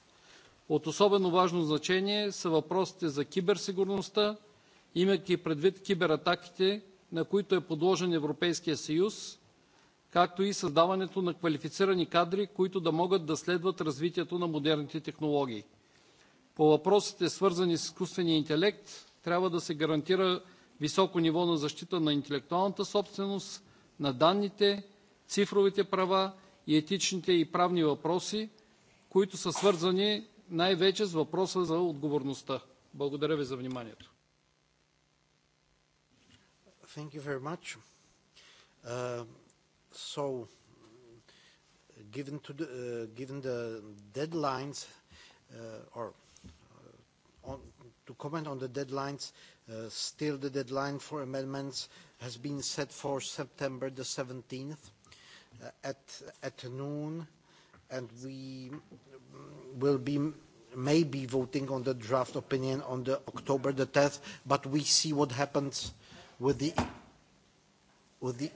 I: От особено важно значение са въпросите за киберсигурността, имайки предвид кибератаките, на които е подложен Европейския съюз, както и създаването на квалифицирани кадри, които да могат да следват развитието на модерните технологии. По въпросите, свързани с изкуствения интелект, трябва да се гарантира високо ниво на защита на интелектуалната собственост, на данните, цифровите права и етичните и правни въпроси, които са свързани най-вече с въпроса за отговорността. Благодаря ви за вниманието.
A: Thank you very much. So, given to the given the deadlines, or to comment on the deadlines, still the deadline for amendments has been set for September the 17th at at noon, and we will be maybe voting on the draft opinion on the October the 10th, but we see what happens with the with the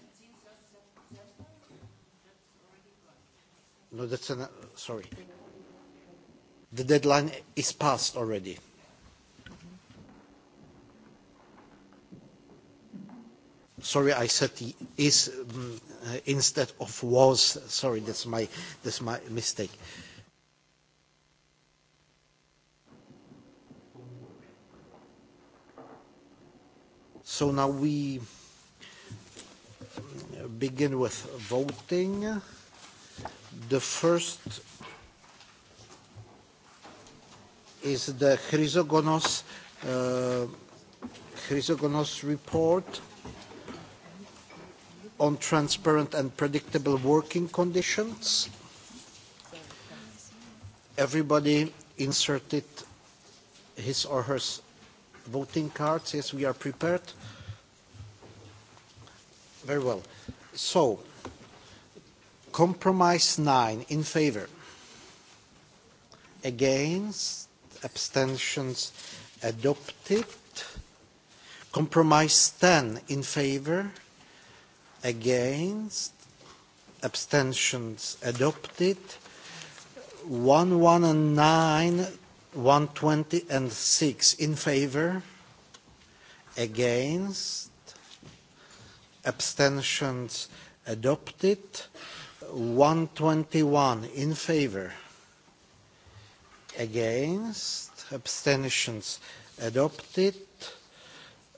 A: No, that's sorry. The deadline is passed already. Sorry, I said is instead of was. Sorry, that's my that's my mistake. So now we begin with voting. The first is the Chrysogonos Chrysogonos report on transparent and predictable working conditions. Everybody inserted his or her voting cards. Yes, we are prepared. Very well. So. Compromise 9 in favor. Against. Abstentions adopted. Compromise 10 in favor. Against. Abstentions adopted. 119, 120 and 6 in favor. Against. Abstentions adopted. 121 in favor against abstentions adopted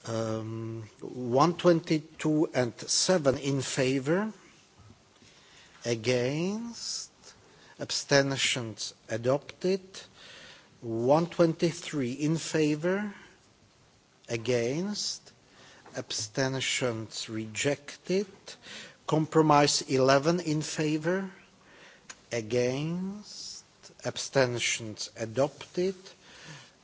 A: 122 and 7 in favor against abstentions adopted 123 in favor against abstentions rejected Compromise 11 in favor, against, abstentions adopted.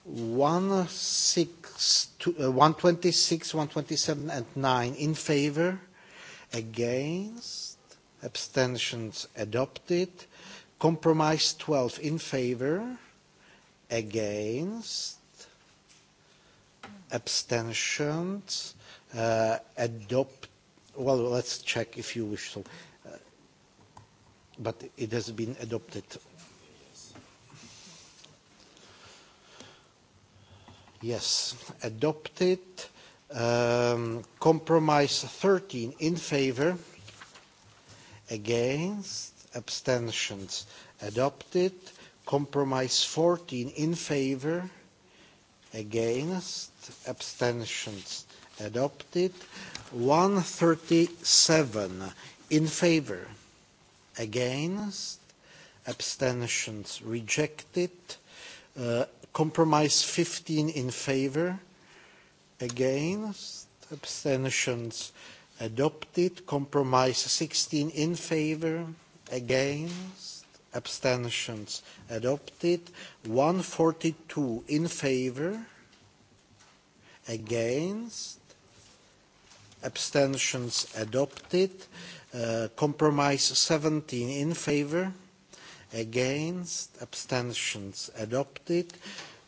A: 126, 127 and 9 in favor, against, abstentions adopted. Compromise 12 in favor, against, abstentions adopted Well, let's check if you wish so. But it has been adopted. Yes, adopted. Compromise 13 in favor, against, abstentions adopted. Compromise 14 in favor, against, abstentions adopted. 137 in favor against abstentions rejected compromise 15 in favor against abstentions adopted compromise 16 in favor against abstentions adopted 142 in favor against abstentions adopted compromise 17 in favor against abstentions adopted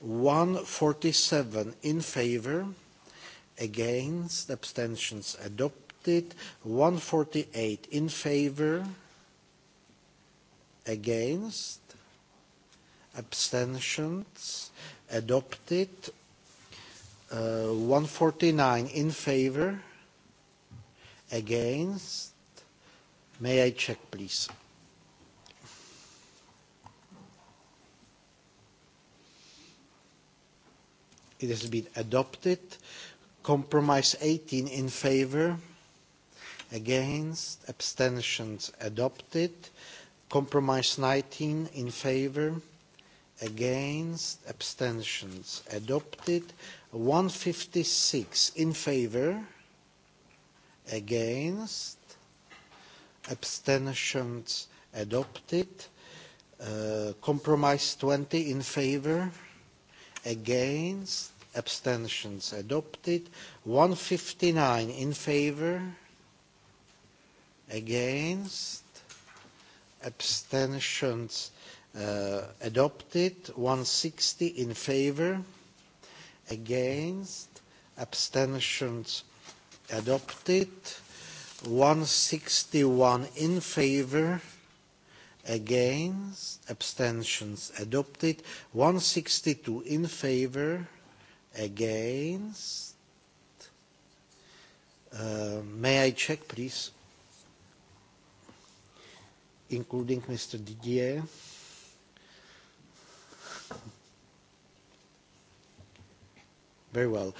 A: 147 in favor against abstentions adopted 148 in favor against abstentions adopted 149 in favor Against? May I check, please? It has been adopted. Compromise 18 in favor. Against? Abstentions adopted. Compromise 19 in favor. Against? Abstentions adopted. 156 in favor against abstentions adopted compromise 20 in favor against abstentions adopted 159 in favor against abstentions adopted 160 in favor against abstentions adopted 161 in favor against abstentions adopted 162 in favor against may I check please including Mr Didier Very well.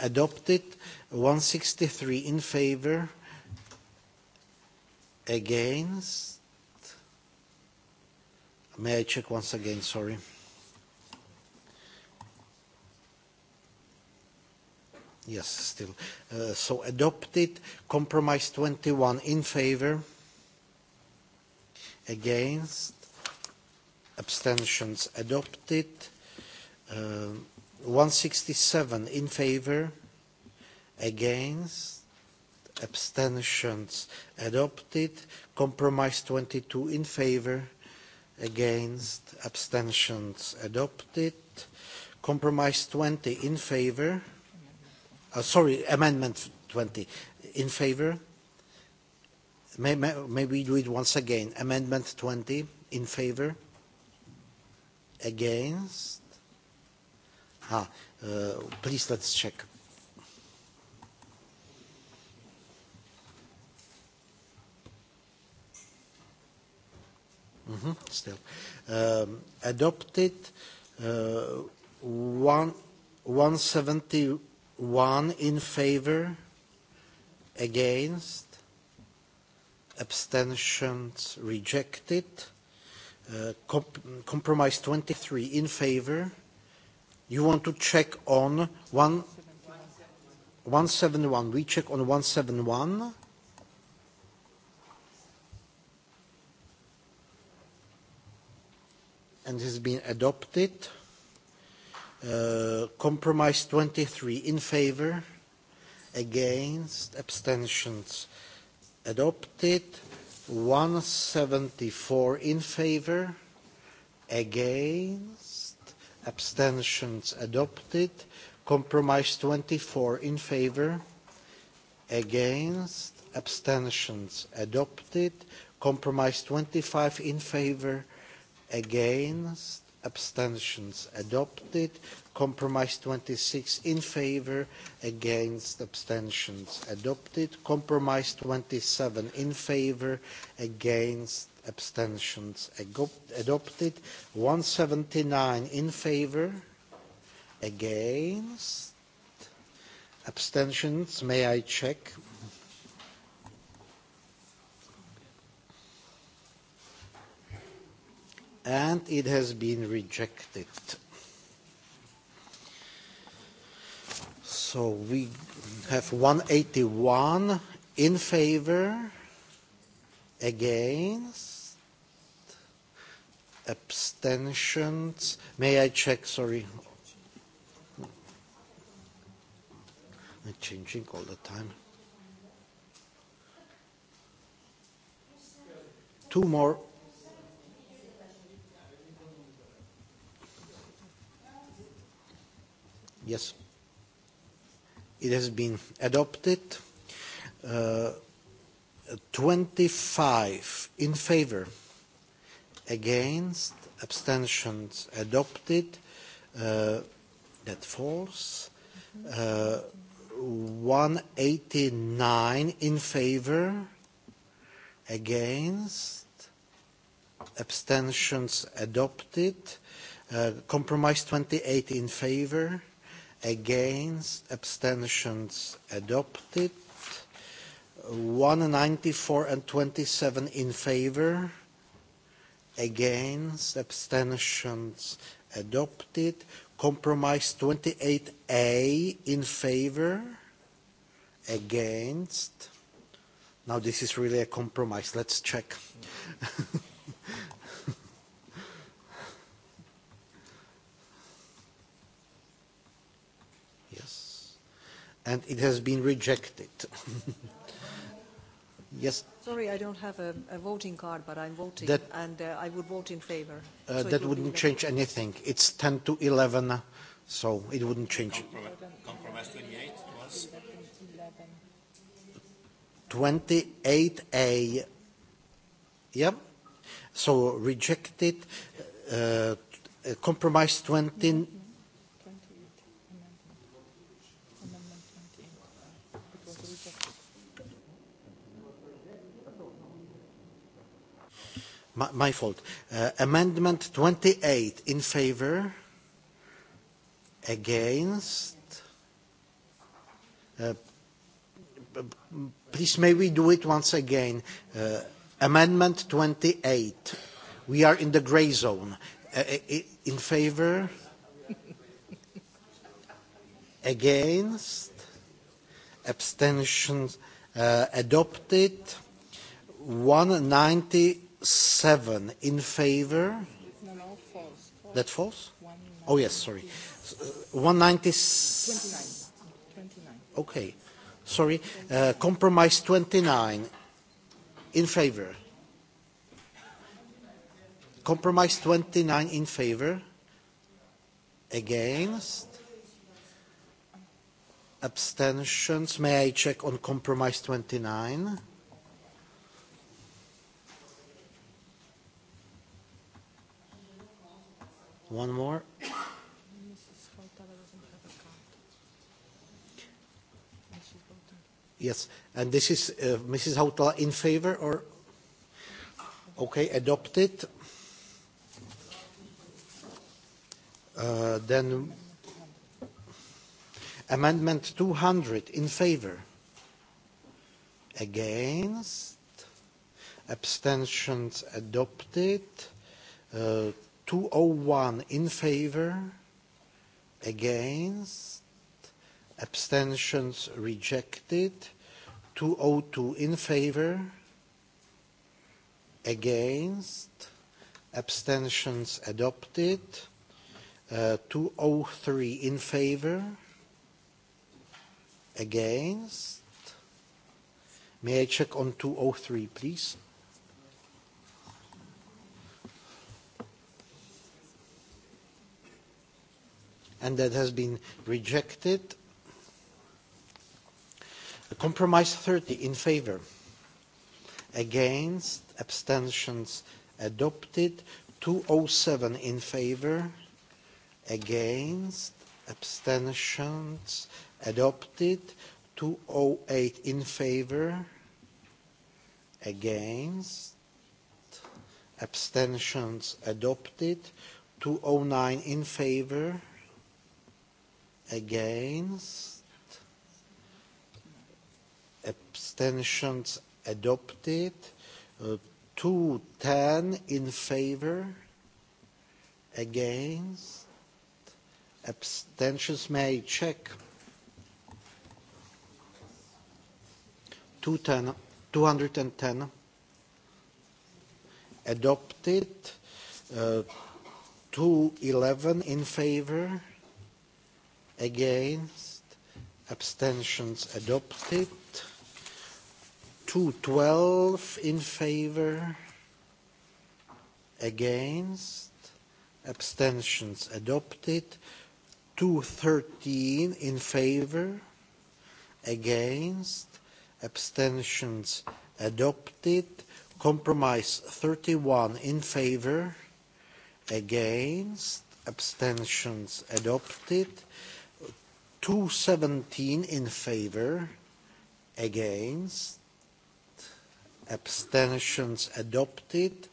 A: Adopted. 163 in favor. Against. May I check once again? Sorry. Yes, still. So adopted. Compromise 21 in favor. Against. Abstentions adopted. 167 in favor against abstentions adopted compromise 22 in favor against abstentions adopted compromise 20 in favor sorry amendment 20 in favor may we do it once again amendment 20 in favor against Please let's check. Still adopted. 171 in favor, against, abstentions rejected. Compromise 23 in favor You want to check on 171. We check on 171. And has been adopted. Compromise 23 in favor, against, abstentions adopted. 174 in favor, against abstentions adopted compromise 24 in favor against abstentions adopted compromise 25 in favor against abstentions adopted compromise 26 in favor against abstentions adopted compromise 27 in favor against abstentions adopted 179 in favor against abstentions may i check and it has been rejected so we have 181 in favor against abstentions. May I check? Sorry. I'm changing all the time. Two more. Yes. It has been adopted. 25 in favor against abstentions adopted that falls 189 in favor against abstentions adopted compromise 28 in favor against abstentions adopted 194 and 27 in favor against abstentions adopted compromise 28a in favor against now this is really a compromise let's check yes and it has been rejected yes
E: Sorry, I don't have a, voting card, but I'm voting, and I would vote in favor. that wouldn't
A: change anything. It's 10 to 11, so it wouldn't change.
E: Compromise
L: 28 was?
A: 28A. Yep. So rejected. compromise 20. My fault. Amendment 28 in favor. Against. Please, may we do it once again? Amendment 28. We are in the gray zone. In favor. Against. Abstentions adopted. 190 seven in favor. That false? Oh, yes, sorry. 190. 29. Okay. Sorry. Compromise 29 in favor. Compromise 29 in favor. Against. Abstentions. May I check on compromise 29? One more. Yes, and this is Mrs. Hautala in favor or? Okay, adopted. Then amendment 200 in favor. Against. Abstentions adopted. 201 in favor, against, abstentions rejected, 202 in favor, against, abstentions adopted, 203 in favor, against. May I check on 203, please? and that has been rejected. Compromise 30 in favor. Against. Abstentions adopted. 207 in favor. Against. Abstentions adopted. 208 in favor. Against. Abstentions adopted. 209 in favor against abstentions adopted 210 in favor against abstentions may check 210 210 adopted 211 in favor against abstentions adopted 212 in favor against abstentions adopted 213 in favor against abstentions adopted compromise 31 in favor against abstentions adopted 217 in favor against abstentions adopted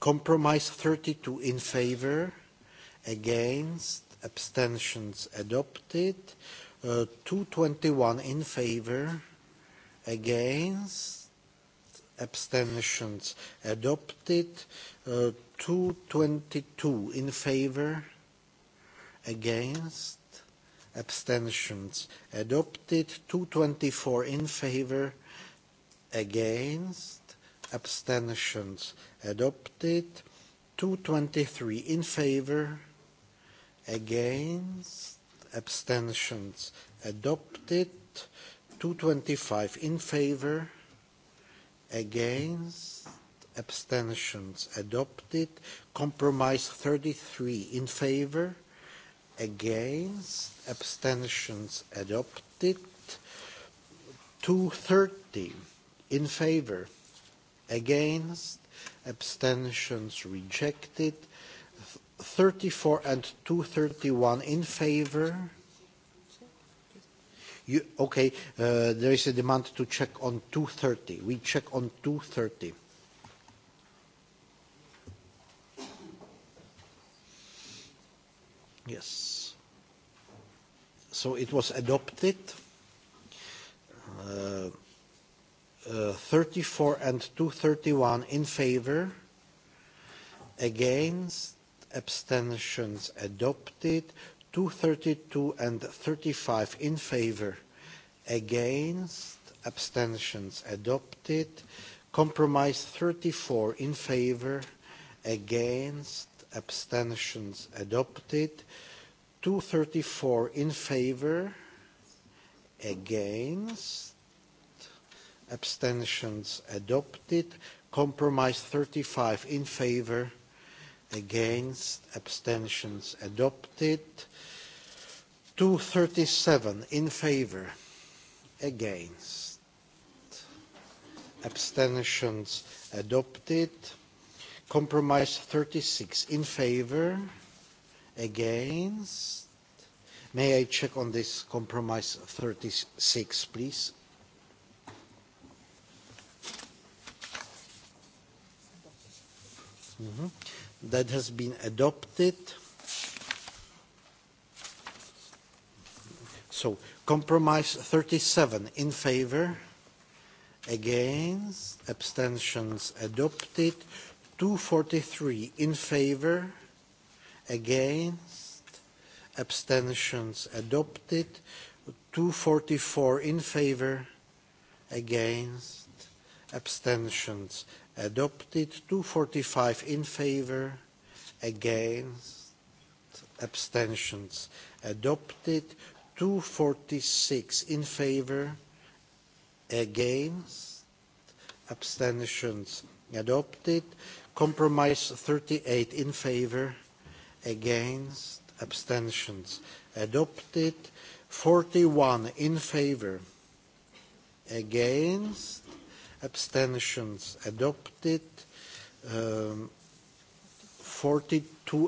A: compromise 32 in favor against abstentions adopted 221 in favor against abstentions adopted 222 in favor against abstentions adopted 224 in favor against abstentions adopted 223 in favor against abstentions adopted 225 in favor against abstentions adopted compromise 33 in favor against abstentions adopted 230 in favor against abstentions rejected 34 and 231 in favor you okay there is a demand to check on 230 we check on 230 Yes. So it was adopted. 34 and 231 in favor. Against. Abstentions adopted. 232 and 35 in favor. Against. Abstentions adopted. Compromise 34 in favor. Against abstentions adopted 234 in favor against abstentions adopted compromise 35 in favor against abstentions adopted 237 in favour against abstentions adopted Compromise 36 in favor, against. May I check on this compromise 36, please? That has been adopted. So, compromise 37 in favor, against, abstentions adopted. 243 in favor, against, abstentions adopted. 244 in favor, against, abstentions adopted. 245 in favor, against, abstentions adopted. 246 in favor, against, abstentions adopted. Compromise 38 in favor, against, abstentions adopted. 41 in favor, against, abstentions adopted. 42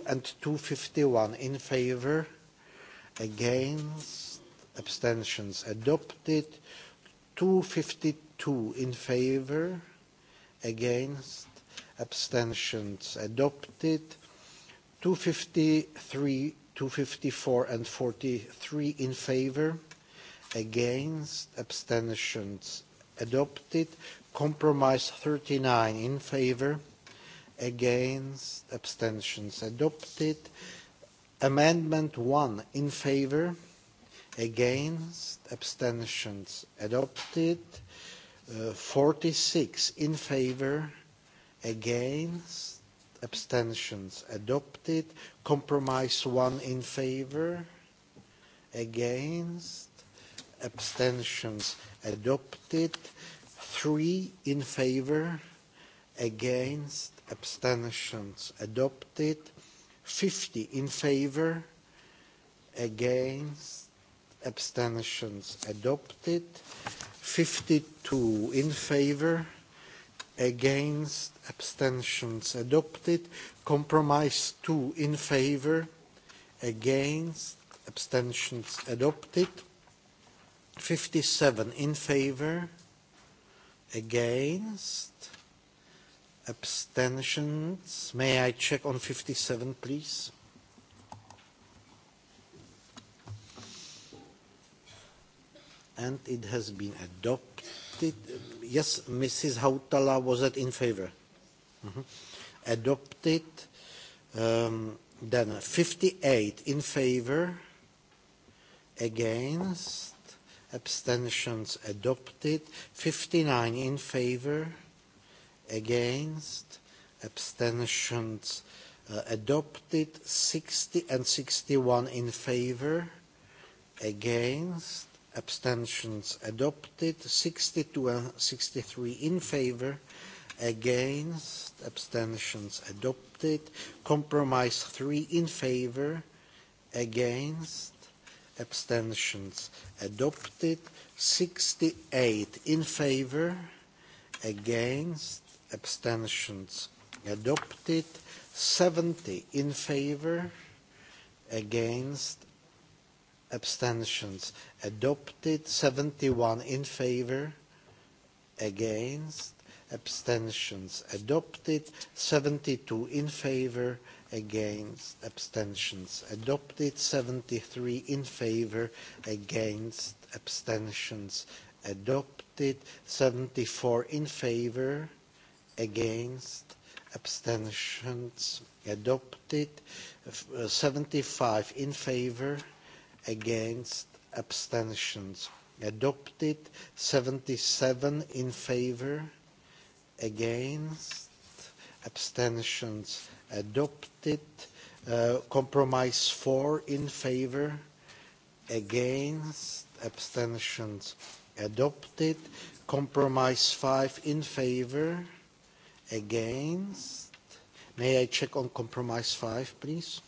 A: and 251 in favor, against, abstentions adopted. 252 in favor, against, abstentions adopted 253 254 and 43 in favor against abstentions adopted compromise 39 in favor against abstentions adopted amendment 1 in favor against abstentions adopted 46 in favor against abstentions adopted compromise one in favor against abstentions adopted three in favor against abstentions adopted 50 in favor against abstentions adopted 52 in favor against abstentions adopted compromise two in favor against abstentions adopted 57 in favor against abstentions may i check on 57 please and it has been adopted Yes, Mrs. Hautala was that in favor. Adopted. Then 58 in favor, against, abstentions adopted. 59 in favor, against, abstentions adopted. 60 and 61 in favor, against abstentions adopted 62 and 63 in favor against abstentions adopted compromise 3 in favor against abstentions adopted 68 in favor against abstentions adopted 70 in favor against abstentions adopted 71 in favor against abstentions adopted 72 in favor against abstentions adopted 73 in favor against abstentions adopted 74 in favor against abstentions adopted 75 in favor against abstentions adopted 77 in favor against abstentions adopted compromise 4 in favor against abstentions adopted compromise 5 in favor against may i check on compromise 5 please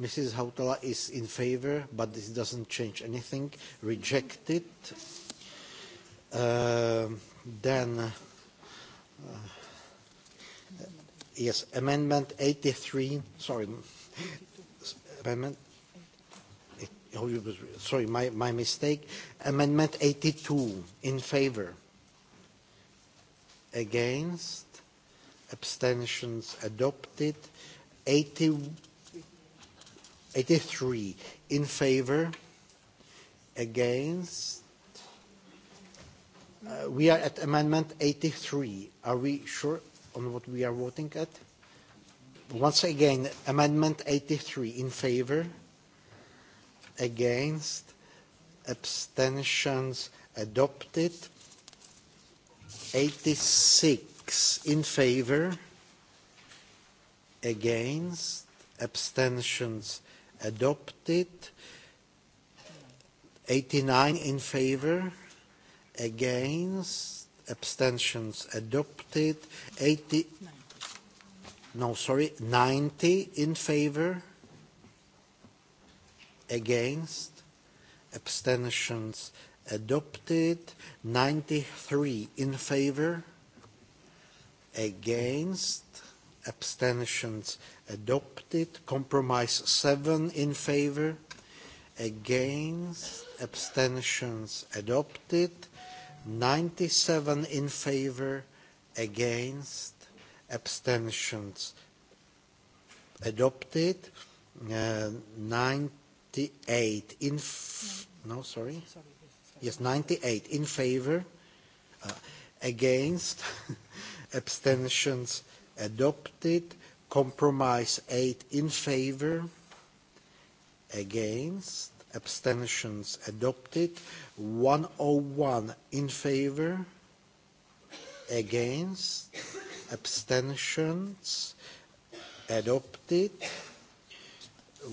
A: Mrs. Hautala is in favor, but this doesn't change anything. Rejected. Then, yes, Amendment 83. Sorry, Amendment. Sorry, my my mistake. Amendment 82 in favor. Against. Abstentions adopted. 81 83 in favor against we are at amendment 83 are we sure on what we are voting at once again amendment 83 in favor against abstentions adopted 86 in favor against abstentions adopted 89 in favor against abstentions adopted 80 no sorry 90 in favor against abstentions adopted 93 in favor against abstentions adopted. Compromise 7 in favor, against, abstentions adopted. 97 in favor, against, abstentions adopted. 98 in, no, sorry. Yes, 98 in favor, against, abstentions adopted. Compromise 8 in favor, against, abstentions adopted. 101 in favor, against, abstentions adopted.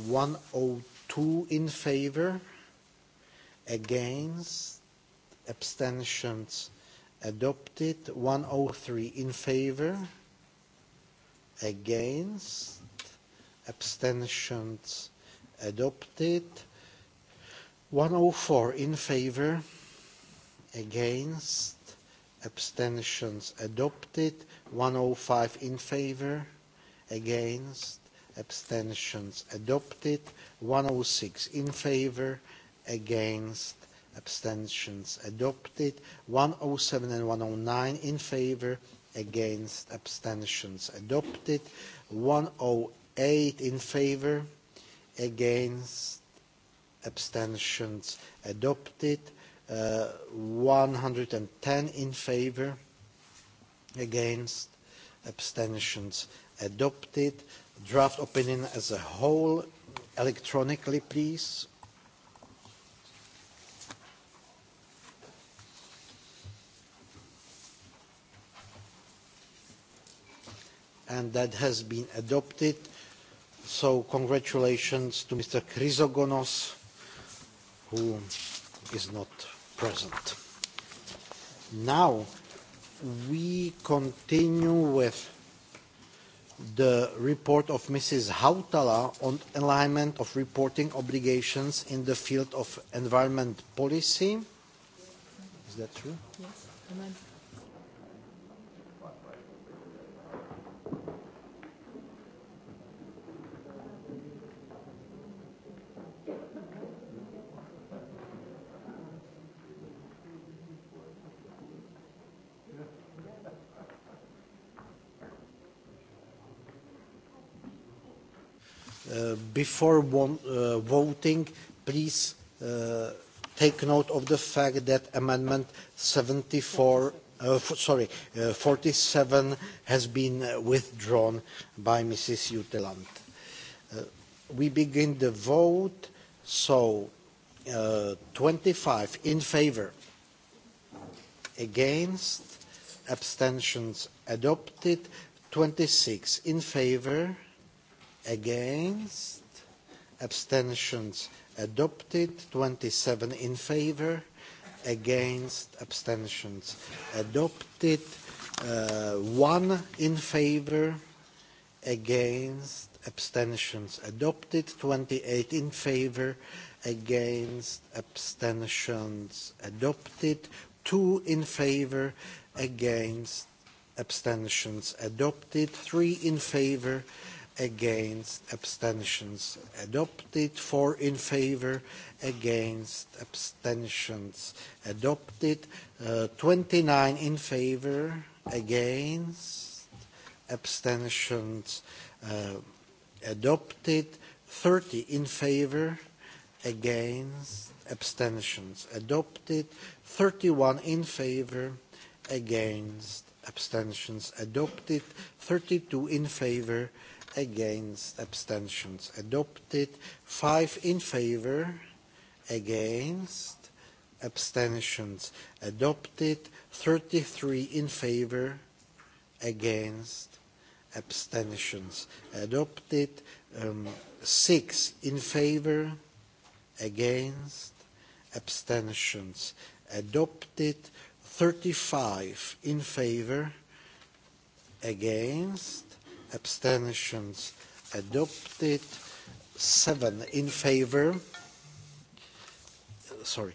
A: 102 in favor, against, abstentions adopted. 103 in favor, against abstentions adopted 104 in favor against abstentions adopted 105 in favor against abstentions adopted 106 in favor against abstentions adopted 107 and 109 in favor against abstentions adopted 108 in favor against abstentions adopted 110 in favor against abstentions adopted draft opinion as a whole electronically please and that has been adopted. So congratulations to Mr. Chrysogonos, who is not present. Now we continue with the report of Mrs. Hautala on alignment of reporting obligations in the field of environment policy. Is that true? Yes. before voting, please take note of the fact that Amendment 74, sorry, 47 has been withdrawn by Mrs. Jutland. We begin the vote, so 25 in favor, against, abstentions adopted, 26 in favor, against, abstentions adopted 27 in favor against abstentions adopted one in favor against abstentions adopted 28 in favor against abstentions adopted two in favor against abstentions adopted three in favor against abstentions adopted four in favor against abstentions adopted 29 in favor against abstentions adopted 30 in favor against abstentions adopted 31 in favor against abstentions adopted 32 in favor against abstentions adopted five in favor against abstentions adopted 33 in favor against abstentions adopted six in favor against abstentions adopted 35 in favor against abstentions adopted. Seven in favor. Sorry.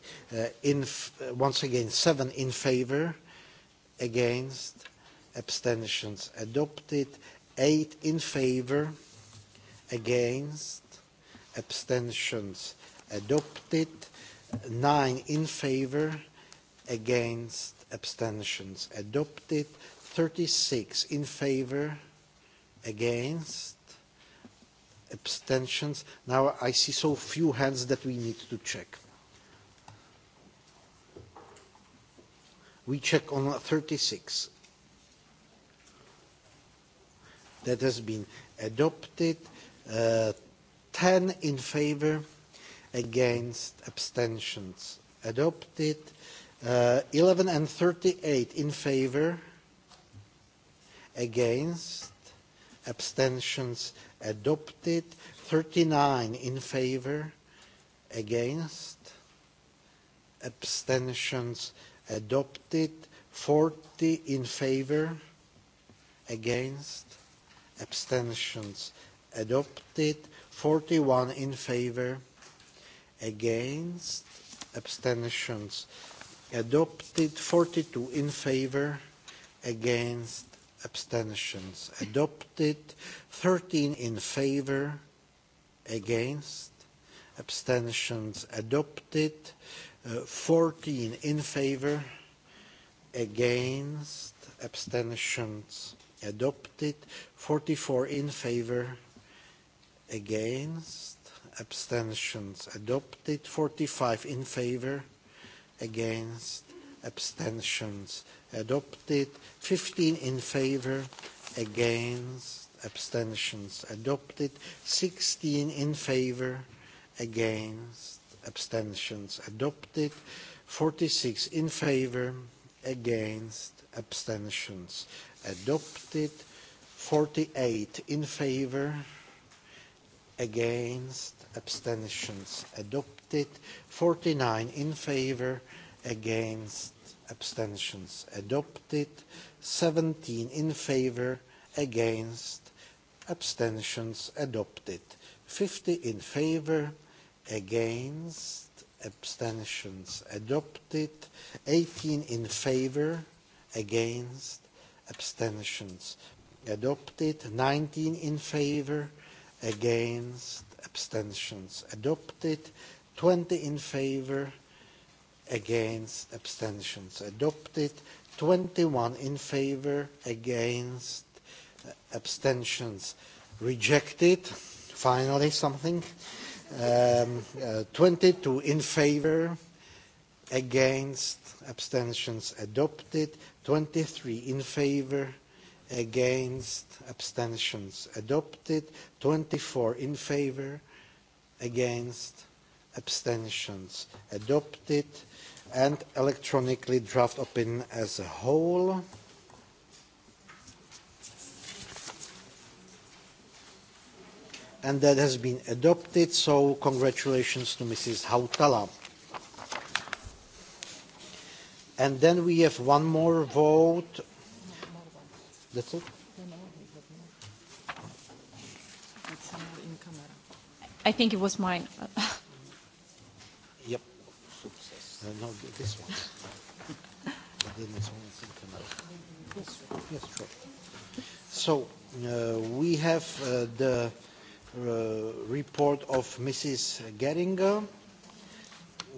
A: Once again, seven in favor. Against. Abstentions adopted. Eight in favor. Against. Abstentions adopted. Nine in favor. Against. Abstentions adopted. 36 in favor Against? Abstentions? Now I see so few hands that we need to check. We check on 36. That has been adopted. 10 in favor, against, abstentions. Adopted. 11 and 38 in favor, against, abstentions adopted 39 in favor against abstentions adopted 40 in favor against abstentions adopted 41 in favor against abstentions adopted 42 in favor against abstentions adopted 13 in favor against abstentions adopted 14 in favor against abstentions adopted 44 in favor against abstentions adopted 45 in favor against abstentions adopted 15 in favor against abstentions adopted 16 in favor against abstentions adopted 46 in favor against abstentions adopted 48 in favor against abstentions adopted 49 in favor against abstentions adopted 17 in favor against abstentions adopted 50 in favor against abstentions adopted 18 in favor against abstentions adopted 19 in favor against abstentions adopted 20 in favor against abstentions adopted 21 in favor against abstentions rejected finally something 22 in favor against abstentions adopted 23 in favor against abstentions adopted 24 in favor against abstentions adopted and electronically draft opinion as a whole. And that has been adopted, so congratulations to Mrs. Hautala. And then we have one more vote. That's it?
E: I think it was mine
A: this one. So uh, we have uh, the report of Mrs. Geringer,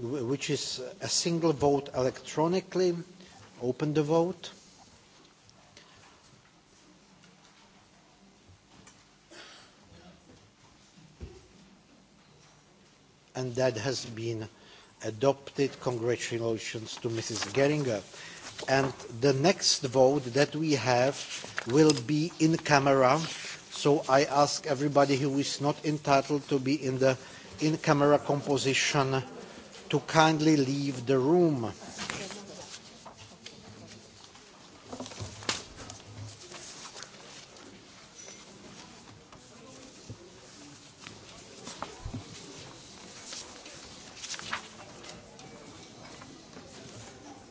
A: which is a single vote electronically. Open the vote. And that has been adopted. Congratulations to Mrs. Geringer. And the next vote that we have will be in camera. So I ask everybody who is not entitled to be in the in camera composition to kindly leave the room.